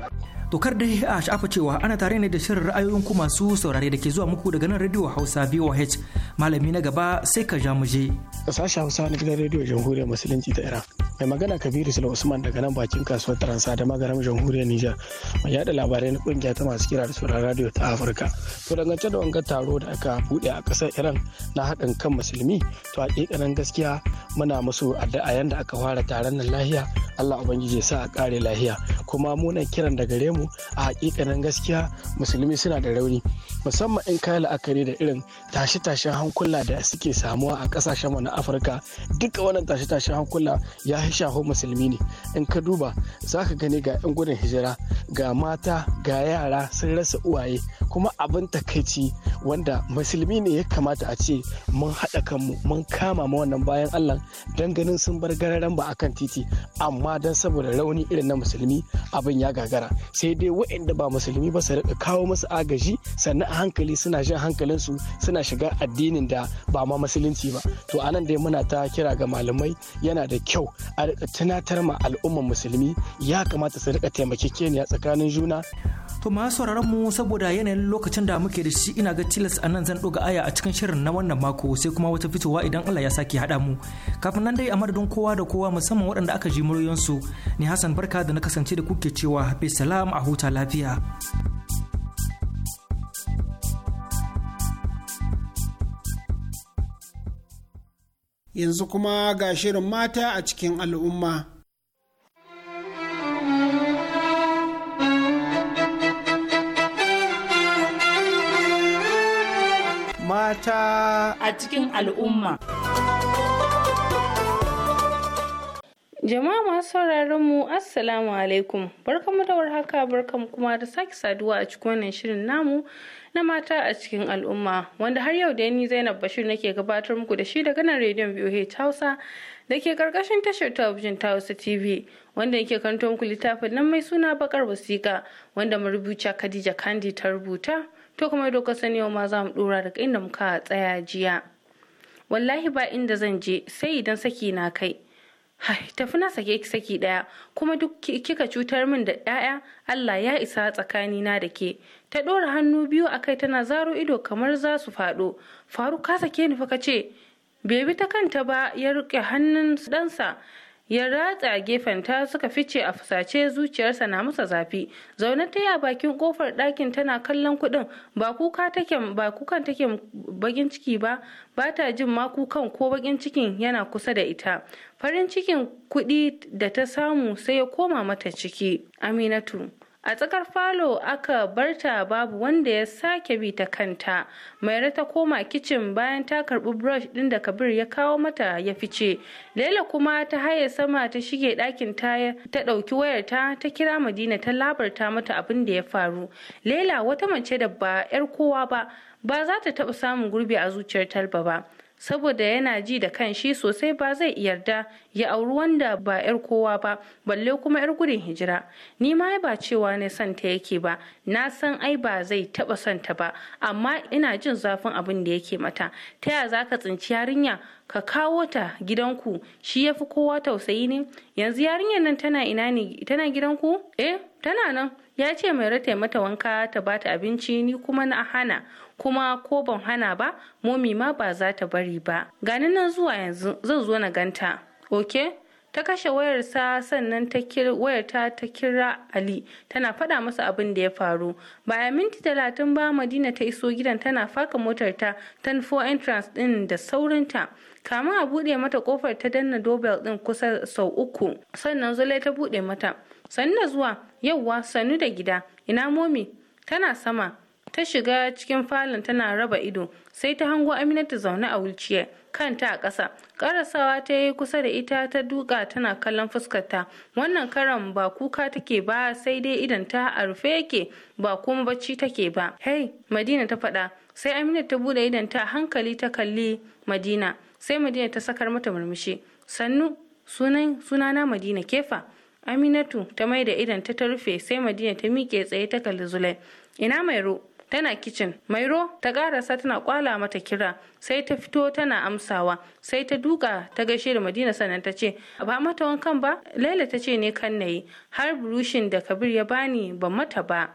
To kar dai a sha'afa cewa ana tare ne da shirin ra'ayoyin ku masu saurare da ke zuwa muku daga nan Radio Hausa VOH. Malami na gaba sai ka ja muje. Sashen Hausa na gidan Radio Jamhuriyar Musulunci ta iran Mai magana Kabiru Sula Usman daga nan bakin kasuwar Taransa da magaram Jamhuriyar niger Mai yada labarai na kungiya ta masu kira da sauraron radio ta Afirka. To dangance da wangar taro da aka bude a kasar Iran na haɗin kan musulmi to hakikanin gaskiya muna musu addu'a yanda aka fara taron nan lahiya Allah Ubangiji ya sa a kare lahiya kuma munan kiran daga gare mu samu a hakikanin gaskiya musulmi suna da rauni musamman in kayan la'akari da irin tashe-tashen hankula da suke samuwa a kasashen mu na afirka duka wannan tashe-tashen hankula ya shafo musulmi ne in ka duba za ka gani ga 'yan gudun hijira ga mata ga yara sun rasa uwaye kuma abin takaici wanda musulmi ne ya kamata a ce mun haɗa kanmu mun kama ma wannan bayan allah don ganin sun bar gararan ba akan titi amma don saboda rauni irin na musulmi abin ya gagara sai sai dai waɗanda ba musulmi ba su rika kawo musu agaji sannan a hankali suna jin hankalinsu suna shiga addinin da ba ma musulunci ba to anan dai muna ta kira ga malamai yana da kyau a rika tunatar ma al'umman musulmi ya kamata su rika taimakekeniya tsakanin juna To ma sauraron mu saboda yanayin lokacin da muke da shi ina ga tilas a nan zan ɗoga aya a cikin shirin na wannan mako sai kuma wata fitowa idan Allah ya sake haɗa mu. Kafin nan dai a madadin kowa da kowa musamman waɗanda aka ji muryoyinsu ne Hassan Barka da na kasance da kuke cewa salam. a huta lafiya. Yanzu kuma ga shirin mata a cikin al'umma. mata a cikin al'umma. Jama'a masu sauraron mu Assalamu alaikum. Barkamu da warhaka barkamu kuma da sake saduwa a cikin wannan shirin namu na mata a cikin al'umma wanda har yau da ni Zainab Bashir nake gabatar muku da shi daga nan rediyon BOH Hausa da ke karkashin tashar talabijin ta TV wanda yake kanto muku littafin nan mai suna bakar wasiƙa wanda marubuciya Khadija Kandi ta rubuta to kuma doka sani yau ma za mu dora daga inda muka tsaya jiya. Wallahi ba inda zan je sai idan saki na kai. tafi na sake ki saki daya kuma duk kika cutar min da 'ya'ya Allah ya isa tsakanina da ke. Ta ɗora hannu biyu a kai tana zaro ido kamar za su faɗo. Faru ka sake ni fa ka ce, bai ta kanta ba ya riƙe hannun ɗansa ya ratsa gefen ta suka fice a fusace zuciyarsa na masa zafi zaune ta yi a bakin kofar ɗakin tana kallon kuɗin ba kuka take ba kukan take bakin ciki ba ba ta jin ma kukan ko bakin cikin yana kusa da ita farin cikin kuɗi da ta samu sai ya koma mata ciki aminatu a tsakar falo aka barta babu wanda ya sake bi ta kanta maira ta koma kicin bayan ta karbi brush din da kabir ya kawo mata ya fice laila kuma ta haye sama ta shige ɗakin ta ta ɗauki wayar ta ta kira madina ta labarta mata abin da ya faru laila wata mace da ba 'yar kowa ba ba za ta taɓa samun gurbi a zuciyar talba ba saboda yana ji da kan shi sosai ba zai yarda ya auri wanda ba 'yar kowa ba balle kuma 'yar gudun hijira ni ma ba cewa ne son ta yake ba na san ai ba zai taba son ta ba amma ina jin zafin abin da yake mata ta ya za ka tsinci yarinya ka kawo ta gidanku shi ya fi kowa tausayi ne yanzu yarinyar nan tana ina ne tana gidanku eh tana nan ya ce mai rata mata wanka ta bata abinci ni kuma na hana kuma ko ban hana ba momi ma ba za ta bari ba gani nan zuwa yanzu zan zo na ganta Oke! ta kashe wayarsa sannan ta wayarta ta kira ali tana faɗa masa abin da ya faru bayan minti talatin ba madina ta iso gidan tana faka motarta ta nufo entrance ɗin da saurinta kamun a buɗe mata kofar ta danna dobel ɗin kusa sau uku sannan zulai ta buɗe mata sannu da zuwa yauwa sannu da gida ina momi tana sama ta shiga cikin falon tana raba ido sai ta hango aminatu zaune a wulciyar kanta a ƙasa Karasawa ta yi kusa da ita ta duka tana kallon fuskarta wannan karan ba kuka take ba sai dai idan ta a rufe yake ba kuma bacci take ba hey madina ta faɗa sai aminatu ta bude idan ta hankali ta kalli madina sai madina ta sakar mata murmushi sannu sunan sunana madina kefa aminatu ta mai da idan ta rufe sai madina ta miƙe tsaye ta kalli zulai ina mai ro tana kicin mairo ta karasa tana kwala mata kira sai ta fito tana amsawa sai ta duka ta gaishe da madina sannan ta ce ba mata wankan ba laila ta ce ne kan nayi har burushin da kabir ya bani ba mata ba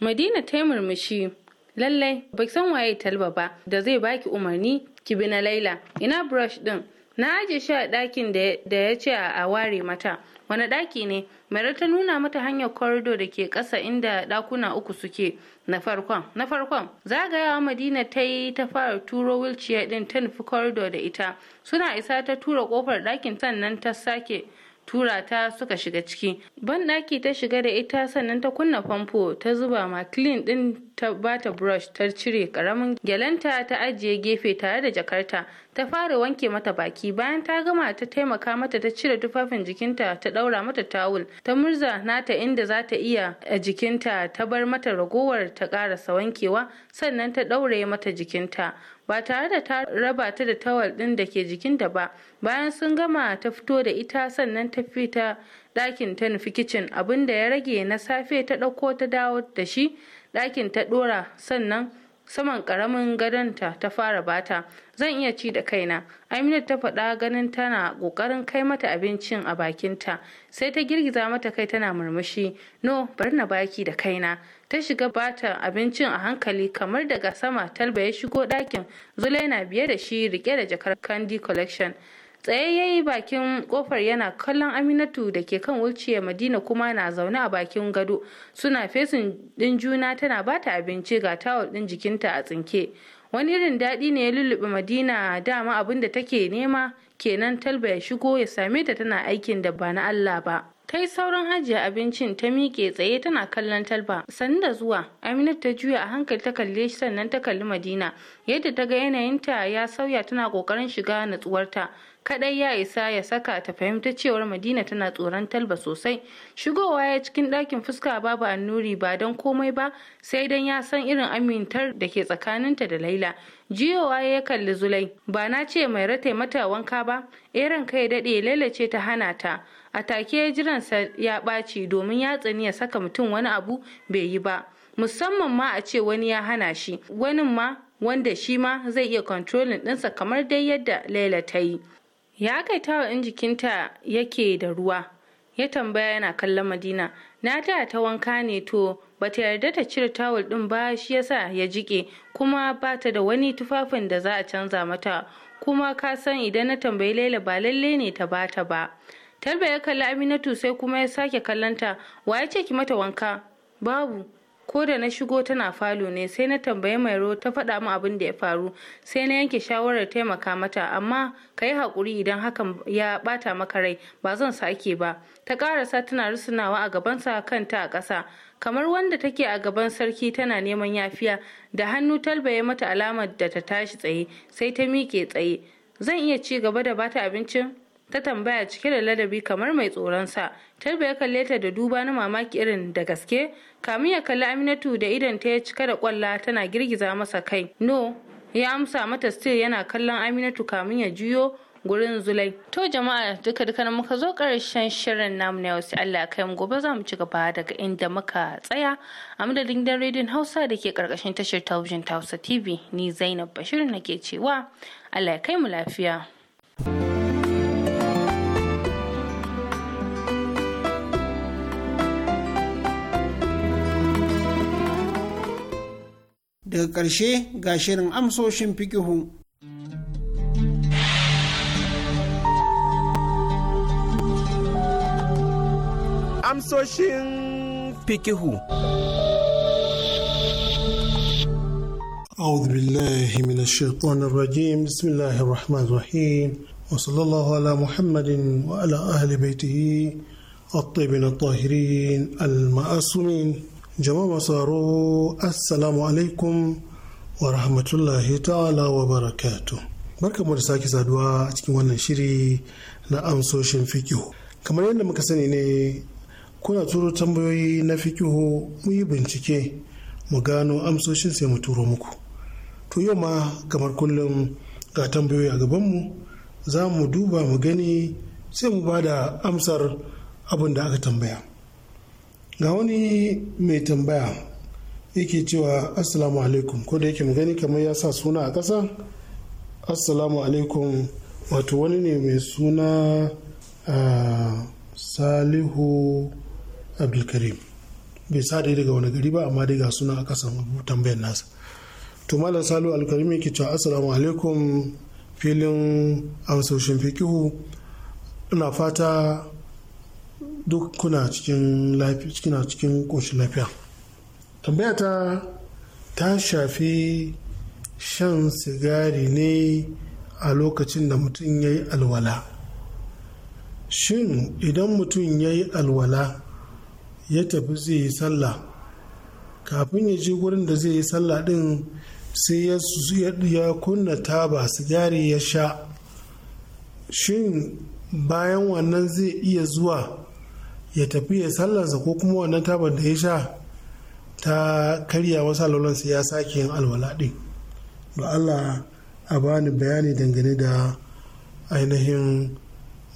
madina ta murmushi lallai ba san waye talba ba da zai baki umarni ki bi na laila ina brush din na aje shi a ɗakin da ya ce a ware mata wani ɗaki ne mai ta nuna mata hanyar korido da ke ƙasa inda ɗakuna uku suke na farkon na farkon zagayawa madina ta yi ta fara turo wilciya ɗin ta nufi korido da ita suna isa ta tura ƙofar ɗakin sannan ta sake tura ta suka shiga ciki banɗaki ta shiga da ita sannan ta kunna famfo ta zuba ma clean din ta bata brush ta cire karamin gyalanta ta ajiye gefe tare da jakarta ta fara wanke mata baki bayan ta gama ta taimaka mata ta cire tufafin jikinta ta ɗaura mata tawul ta murza nata inda za ta iya a jikinta ta bar mata ragowar ta karasa wankewa sannan ta daure mata jikinta ba tare da ta raba ta da tawal din da ke jikinta ba bayan sun gama ta fito da ita sannan ta fita ɗakin ta nufi kicin abin da ya rage na safe ta ɗauko ta dawo da shi ɗakin ta ɗora sannan saman karamin gadonta ta fara bata zan iya ci da kaina aminat ta faɗa ganin tana ƙoƙarin kai mata abincin a bakinta sai ta girgiza mata kai tana murmushi no bari na baki da kaina ta shiga bata abincin a hankali kamar daga sama talba ya shigo ɗakin zulaina biye da shi rike da jakar candy collection tsaye bakin kofar yana kallon aminatu da ke kan wuce madina kuma na zaune a bakin gado suna fesin din juna tana bata abinci ga tawul din jikinta a tsinke wani irin daɗi ne ya lullube madina dama abin da take nema kenan talba ya shigo ya same ta tana aikin da ba na allah ba ta yi sauran ajiye abincin ta miƙe tsaye tana kallon talba sannu da zuwa aminat ta juya a hankali ta kalle shi sannan ta kalli madina yadda ta ga yanayinta ya sauya tana ƙoƙarin shiga natsuwarta kadai ya isa ya saka ta fahimta cewar madina tana tsoron talba sosai shigowa ya cikin ɗakin fuska babu annuri ba don komai ba sai dan ya san irin amintar da ke tsakaninta da laila jiyowa ya kalli zulai ba na ce mai rata mata wanka ba eran eh kai daɗe laila ce ta hana ta a take jiransa ya ɓaci domin ya tsani ya saka mutum wani abu bai yi ba musamman ma a ce wani ya hana shi wanin ma wanda shi ma zai iya kontrolin ɗinsa kamar dai yadda laila ta yi ya kai tawa in jikinta yake da ruwa ya tambaya yana kallon madina na taya ta wanka ne to bata yarda ta cire tawul din ba shi yasa ya jike kuma ba ta da wani tufafin da za a canza mata kuma ka san idan na tambayi laila ba lalle ne ta bata ba talba ya kalli aminatu sai kuma ya sake kallonta wa ya ce ki mata wanka babu ko da na shigo tana falo ne sai na tambayi mairo ta faɗa min abin da ya faru sai na yanke shawarar taimaka mata amma ka yi haƙuri idan hakan ya ɓata maka rai ba zan sake ba ta ƙarasa tana rusunawa a gabansa kanta a ƙasa kamar wanda take a gaban sarki tana neman yafiya da hannu talba ya mata alamar da ta tashi tsaye sai ta miƙe tsaye zan iya ci gaba da bata abincin ta tambaya cike da ladabi kamar mai tsoronsa sa talba ya kalle ta da duba na mamaki irin da gaske kamin ya kalli aminatu da idan ta ya cika da kwalla tana girgiza masa kai no ya amsa mata still yana kallon aminatu kamin ya juyo gurin zulai to jama'a duka duka na muka zo karshen shirin namu na yau sai Allah kai mu gobe za mu ci gaba daga inda muka tsaya a madadin gidan rediyon Hausa da ke karkashin tashar talabijin ta Hausa TV ni Zainab Bashir nake cewa Allah ya kai mu lafiya. daga ƙarshe ga shirin amsoshin fikihu. amsoshin fikihu. أعوذ بالله من الشيطان الرجيم بسم الله الرحمن الرحيم وصلى الله على محمد وعلى أهل بيته الطيبين الطاهرين المعصومين jama'a masu assalamu alaikum wa rahmatullahi ta'ala wa barakatu mu da sake saduwa a cikin wannan shiri na amsoshin fikihu kamar yadda muka sani ne kuna turo tambayoyi na fikihu mu yi bincike mu gano amsoshin sai mu turo muku to yau ma kamar kullum ga tambayoyi a gabanmu za mu duba mu gani sai mu bada amsar abin da aka tambaya ga wani mai tambaya yake cewa assalamu alaikum ko da yake magani kamar ya sa suna a ƙasa assalamu alaikum wato wani ne mai suna a salihu abdulkarim bai sa dai daga wani gari ba amma dai ga suna a ƙasan tambayar nasa to malam salihu abdulkarim yake cewa assalamu alaikum filin amsoshin fikihu ina fata duk kuna cikin lafiya cikin ƙoshin lafiya tambaya ta ta shafi shan sigari ne a lokacin da mutum ya yi alwala shin idan mutum ya yi alwala ya tafi zai yi sallah kafin ya ji gurin da zai yi sallah din sai ya kunna taba sigari ya sha shin bayan wannan zai iya zuwa ya tafi ya sallarsa ko kuma wannan tabar da ya sha ta karya wasu alwalansa ya sake yin alwala ɗin ba Allah a bani bayani dangane da ainihin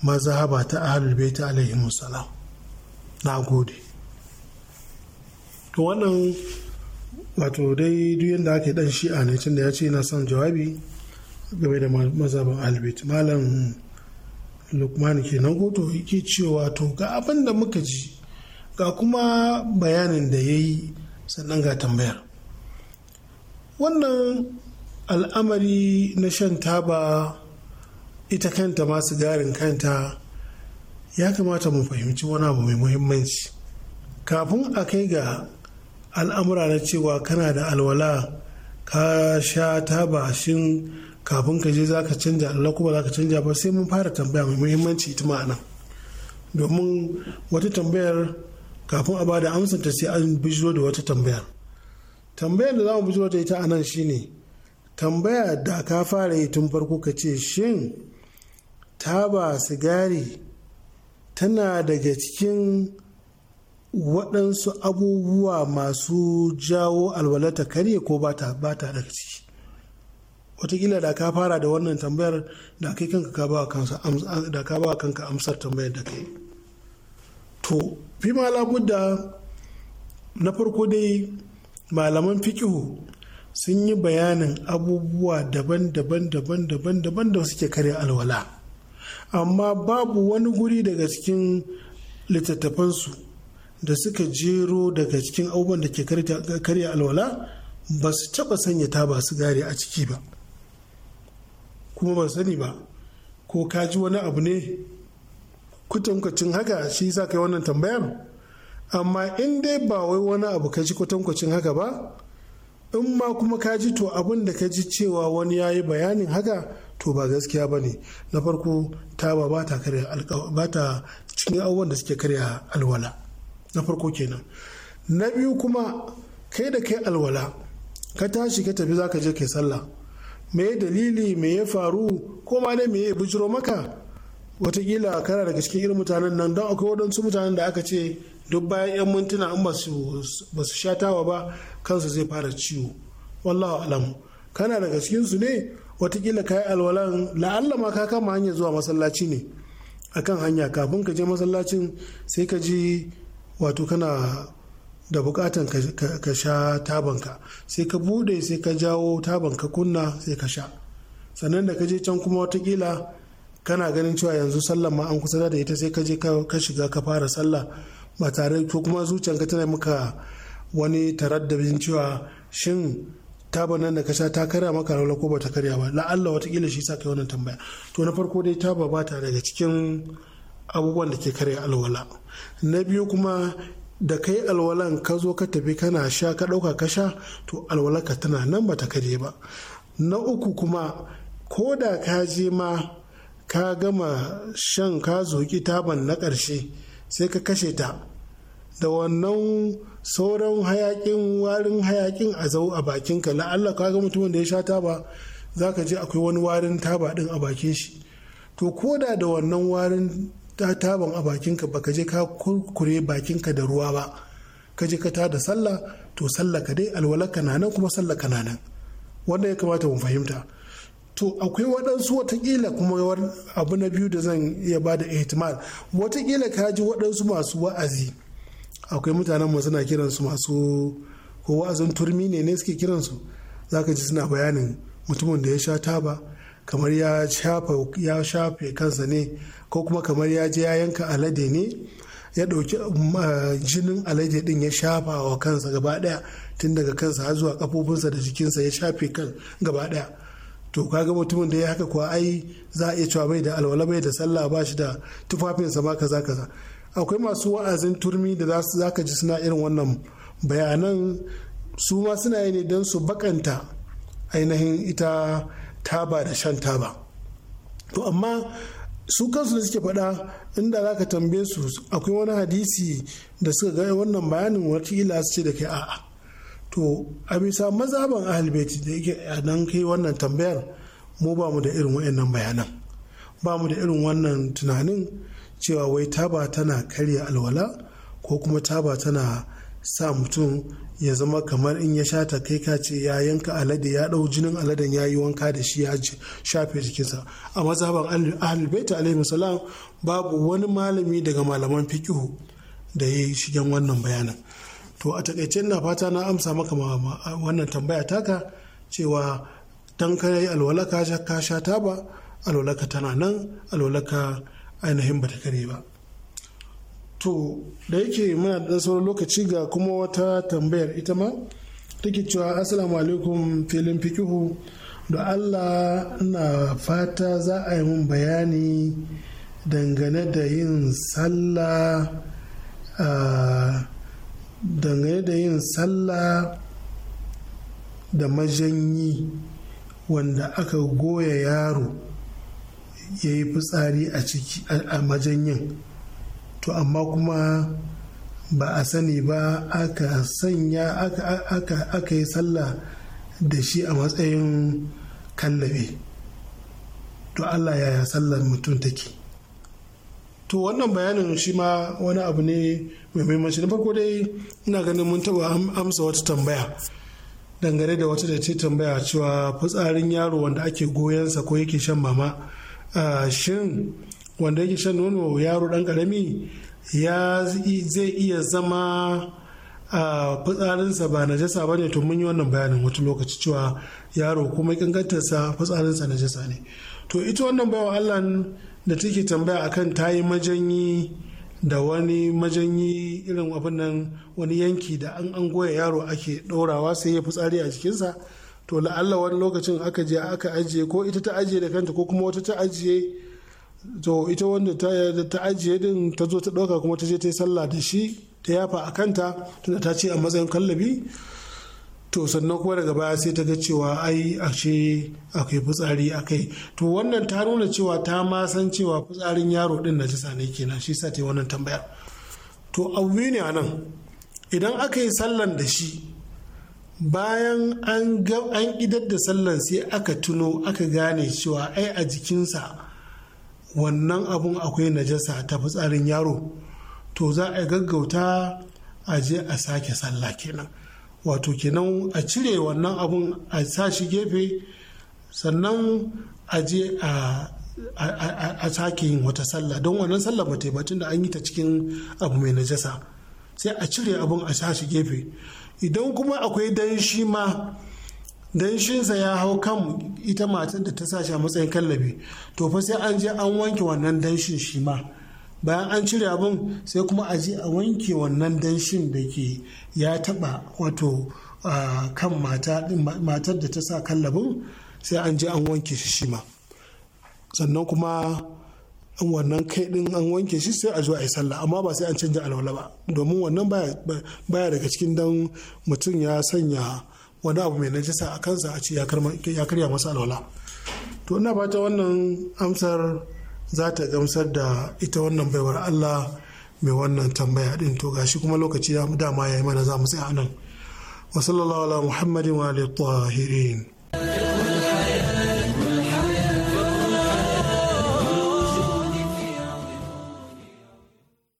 mazhaba ta ahlul baiti alaihi musallam na gode to wannan wato dai duk yadda ake dan shi'a ne tunda ya ce yana son jawabi game da mazhaban ahlul baiti malam lukman kenan goto yake cewa to ga abin da muka ji ga kuma bayanin da ya yi sannan ga tambayar wannan al'amari na shan taba ita kanta masu garin kanta ya kamata mu fahimci wani abu mai muhimmanci kafin a kai ga al'amura na cewa kana da alwala ka sha taba shin kafin ka je za ka canja Allah kuma za ka canja ba sai mun fara tambaya mai muhimmanci ita ma'ana domin wata tambayar kafin a bada amsar ta sai an bijiro da wata tambayar tambayar da za mu bijiro da ita a nan shine tambaya da ka fara yi tun farko ka ce shin taba sigari tana daga cikin waɗansu abubuwa masu jawo alwalata karye ko ba ta daga ciki watakila da ka fara da wannan tambayar da kai kanka ka ba kansa da ka ba kanka amsar tambayar da kai to fi da na farko dai malaman fikihu sun yi bayanin abubuwa daban-daban daban-daban daban da suke karya alwala amma babu wani guri daga cikin littattafansu da suka jero daga cikin abubuwan da ke karya alwala ba su taba sanya taba sigari a ciki ba kuma ban sani ba ko ka ji wani abu ne kwatankwacin haka shi sa kai wannan tambayar amma in dai ba wai wani abu ka ji kwatankwacin haka ba in ma kuma ka ji to abin da ka ji cewa wani ya yi bayanin haka to ba gaskiya ba ne na farko ta ba ta cikin abubuwan da suke karya alwala na farko kenan na biyu kuma kai da kai alwala ka tashi ka tafi za ka je kai sallah me dalili me ya faru ko ma dai me ya bujiro maka watakila kana daga cikin irin mutanen nan don akwai waɗansu mutanen da aka ce duk bayan 'yan mintuna an ba su shatawa ba kansu zai fara ciwo wallahu alam kana daga cikin su ne watakila ka yi alwalan la'alla ma ka kama hanya zuwa masallaci ne akan hanya kafin ka je masallacin sai ka ji wato kana da bukatan ka sha tabanka sai ka bude sai ka jawo tabanka kunna sai ka sha sannan da ka je can kuma watakila kana ganin cewa yanzu sallah ma an kusa da ita sai ka je ka shiga ka fara sallah ba tare ko kuma ka tana maka wani taraddabin cewa shin taban nan da ka sha ta karya maka raula ko bata karya ba la'alla watakila shi sa kai wannan tambaya to na farko dai taba ba ta daga cikin abubuwan da ke karya alwala na biyu kuma da kai alwalan ka zo ka tafi kana sha ka ɗauka ka sha to alwalaka tana nan ba ta kare ba na uku kuma ko da ka je ma ka gama shan ka zoki taban na ƙarshe sai ka kashe ta da wannan sauran hayakin warin hayakin a zau a bakinka la'alla ka ga mutumin da ya sha taba za ka je akwai wani warin taba ɗin a bakin shi to koda da wannan warin ta taban a bakinka baka je ka kurkure bakinka da ruwa ba ka je ka tada sallah to sallah ka dai alwala ka nanan kuma sallah ka nanan wanda ya kamata mu fahimta to akwai waɗansu watakila kuma abu na biyu da zan iya ba da ihtimal watakila ka ji waɗansu masu wa'azi akwai mutanen mu suna kiransu masu ko wa'azin turmi ne ne suke kiransu zaka ji suna bayanin mutumin da ya sha taba kamar ya shafe kansa ne ko kuma kamar ya je ya yanka alade ne ya ɗauki jinin alade ɗin ya shafa wa kansa gaba daya tun daga kansa har zuwa kafofinsa da jikinsa ya shafe kan gaba daya to kaga mutumin da ya haka kuwa ai za a iya cewa bai da alwala bai da sallah ba shi da tufafinsa ma kaza kaza akwai masu wa'azin turmi da za ka ji suna irin wannan bayanan su ma suna yi ne don su bakanta ainihin ita taba da shan taba to amma su kansu da suke faɗa inda za ka tambaye su akwai wani hadisi da suka ga wannan bayanin wakila su ce da kai a'a to a bisa mazaban ahalbeti da yake nan kai wannan tambayar mu ba mu da irin wa'annan bayanan ba mu da irin wannan tunanin cewa wai taba tana karya alwala ko kuma taba tana sa mutum ya zama kamar in ya sha ta kai ka ce ya yanka alade ya ɗau jinin aladen ya yi wanka da shi ya shafe jikinsa a mazhaban ahlul baita alaihi salam babu wani malami daga malaman fikihu da ya yi shigen wannan bayanin to a takaice na fata na amsa maka wannan tambaya taka cewa dan ka yi alwalaka ka sha ba alwalaka tana nan alwalaka ainihin bata kare ba to da yake muna da sauran lokaci ga kuma wata tambayar ita ma take cewa assalamu alaikum filin fikihu da allah na fata za a yi mun bayani dangane da yin sallah dangane da yin sallah da majanyi wanda aka goya yaro ya yi fitsari a majanyin to amma kuma ba a sani ba aka sanya aka yi sallah da shi a matsayin kallabe to allah yaya sallar mutum take to wannan bayanin shi ma wani abu ne mai muhimmanci na farko dai ina ganin mun taba amsa wata tambaya dangane da wata da ce tambaya cewa fitsarin yaro wanda ake goyonsa ko yake shan mama ah, shin wanda yake shan nono yaro dan karami ya zai iya zama a fitsarinsa ba na jasa ba ne to mun yi wannan bayanin wata lokaci cewa yaro kuma kankantarsa fitsarinsa na jasa ne to ita wannan bayan allah da take tambaya akan ta yi majanyi da wani majanyi irin abin nan wani yanki da an an goya yaro ake ɗaurawa sai ya fitsari a jikinsa to la'alla wani lokacin aka je aka ajiye ko ita ta ajiye da kanta ko kuma wata ta ajiye to ita wanda ta ajiye din ta zo ta ɗauka kuma ta je ta yi sallah da shi ta yafa a kanta tunda ta ce a matsayin kallabi to sannan kuma daga baya sai ta ga cewa ai a ce akwai fitsari a kai to wannan ta nuna cewa ta ma san cewa fitsarin yaro din na jisa ne kenan shi sa ta yi wannan tambaya to abu ne a nan idan aka yi sallan da shi bayan an idar da sallan sai aka tuno aka gane cewa ai a jikinsa wannan abun akwai najasa ta fitsarin yaro to za a gaggauta a je a sake sallah kenan wato kenan a cire wannan abun a sa gefe sannan a je a sake yin wata sallah don wannan sallah ba taimatun da an yi ta cikin abu mai najasa sai a cire abun a sa gefe idan kuma akwai danshi ma danshinsa ya hau kan ita matan da ta sashi a matsayin kallabi to fa sai an je an wanke wannan danshin shi ma bayan an cire abin sai kuma a je a wanke wannan danshin da ke ya taba wato kan matar da ta sa kallabin sai an je an wanke shi shi ma sannan kuma wannan kai din an wanke shi sai a zo a yi sallah amma ba sai an canja alwala ba domin wannan baya daga cikin dan mutum ya sanya wani abu mai najisa a kansa a ce ya karya masa alwala to ina fata wannan amsar za ta gamsar da ita wannan baiwar allah mai wannan tambaya din to gashi kuma lokaci ya dama ya yi mana za mu a nan wa sallallahu ala muhammadin wa tahirin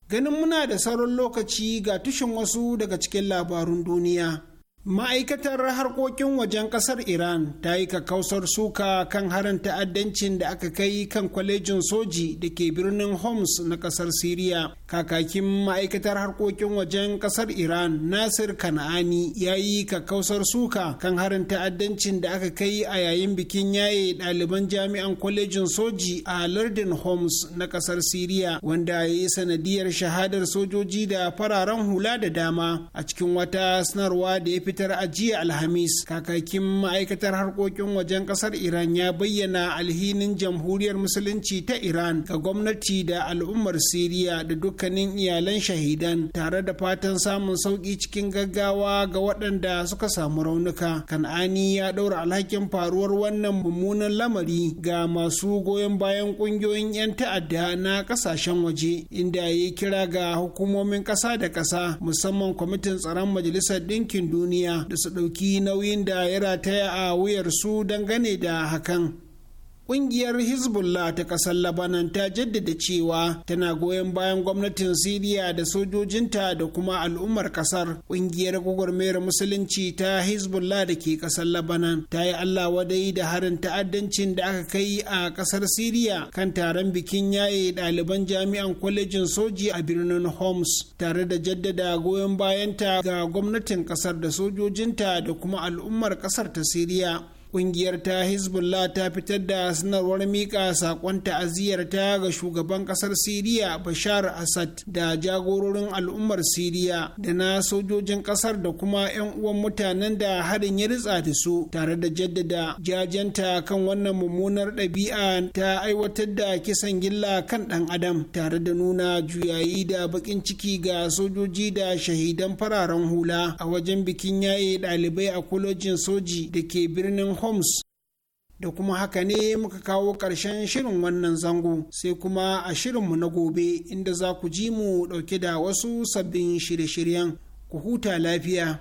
ganin muna da sauran lokaci ga tushen wasu daga cikin labarun duniya Ma'aikatar harkokin wajen ƙasar Iran ta yi kakausar suka kan harin ta'addancin da aka kai kan kwalejin soji da ke birnin Homs na ƙasar Siriya. Kakakin ma'aikatar harkokin wajen ƙasar Iran Nasir Kana'ani ya yi kakausar suka kan harin ta'addancin da aka kai a yayin bikin yaye ɗaliban jami'an kwalejin soji a lardin Homs na ƙasar Siriya wanda ya yi sanadiyar shahadar sojoji da fararen hula da dama a cikin wata sanarwa da ya fitar a jiya alhamis kakakin ma'aikatar harkokin wajen kasar iran ya bayyana alhinin jamhuriyar musulunci ta iran ga gwamnati da al'ummar siriya da dukkanin iyalan shahidan tare da fatan samun sauki cikin gaggawa ga waɗanda suka samu raunuka kan'ani ya ɗaura alhakin faruwar wannan mummunan lamari ga masu goyon bayan ƙungiyoyin 'yan ta'adda na ƙasashen waje inda ya kira ga hukumomin ƙasa da ƙasa musamman kwamitin tsaron majalisar ɗinkin duniya duniya da su ɗauki nauyin da ya rataya a wuyarsu dangane da hakan Ƙungiyar Hezbollah ta ƙasar Labanan ta jaddada cewa tana goyon bayan gwamnatin Siriya da sojojinta da kuma al'ummar ƙasar. Ƙungiyar gwagwarmayar Musulunci ta Hezbollah da ke ƙasar Labanan ta yi Allah wadai da harin ta'addancin da aka kai a ƙasar Siriya kan taron bikin yaye ɗaliban jami'an kwalejin soji a birnin Homs tare da jaddada goyon bayanta ga gwamnatin ƙasar da sojojinta da kuma al'ummar ƙasar ta Siriya. Ƙungiyar ta Hezbollah ta fitar da sanarwar miƙa saƙon ta'aziyar ta ga shugaban ƙasar Siriya Bashar Assad da jagororin al'ummar Siriya da na sojojin ƙasar da kuma 'yan uwan mutanen da harin ya ritsa da su tare da jaddada jajanta kan wannan mummunar ɗabi'a ta aiwatar da kisan gilla kan ɗan adam tare da nuna juyayi da bakin ciki ga sojoji da shahidan fararen hula a wajen bikin yaye ɗalibai a kolojin soji da ke birnin Homs. Da kuma haka ne muka kawo ƙarshen shirin wannan zango sai kuma a shirinmu na gobe inda za ku ji mu ɗauke da wasu sabbin shirye-shiryen ku huta lafiya.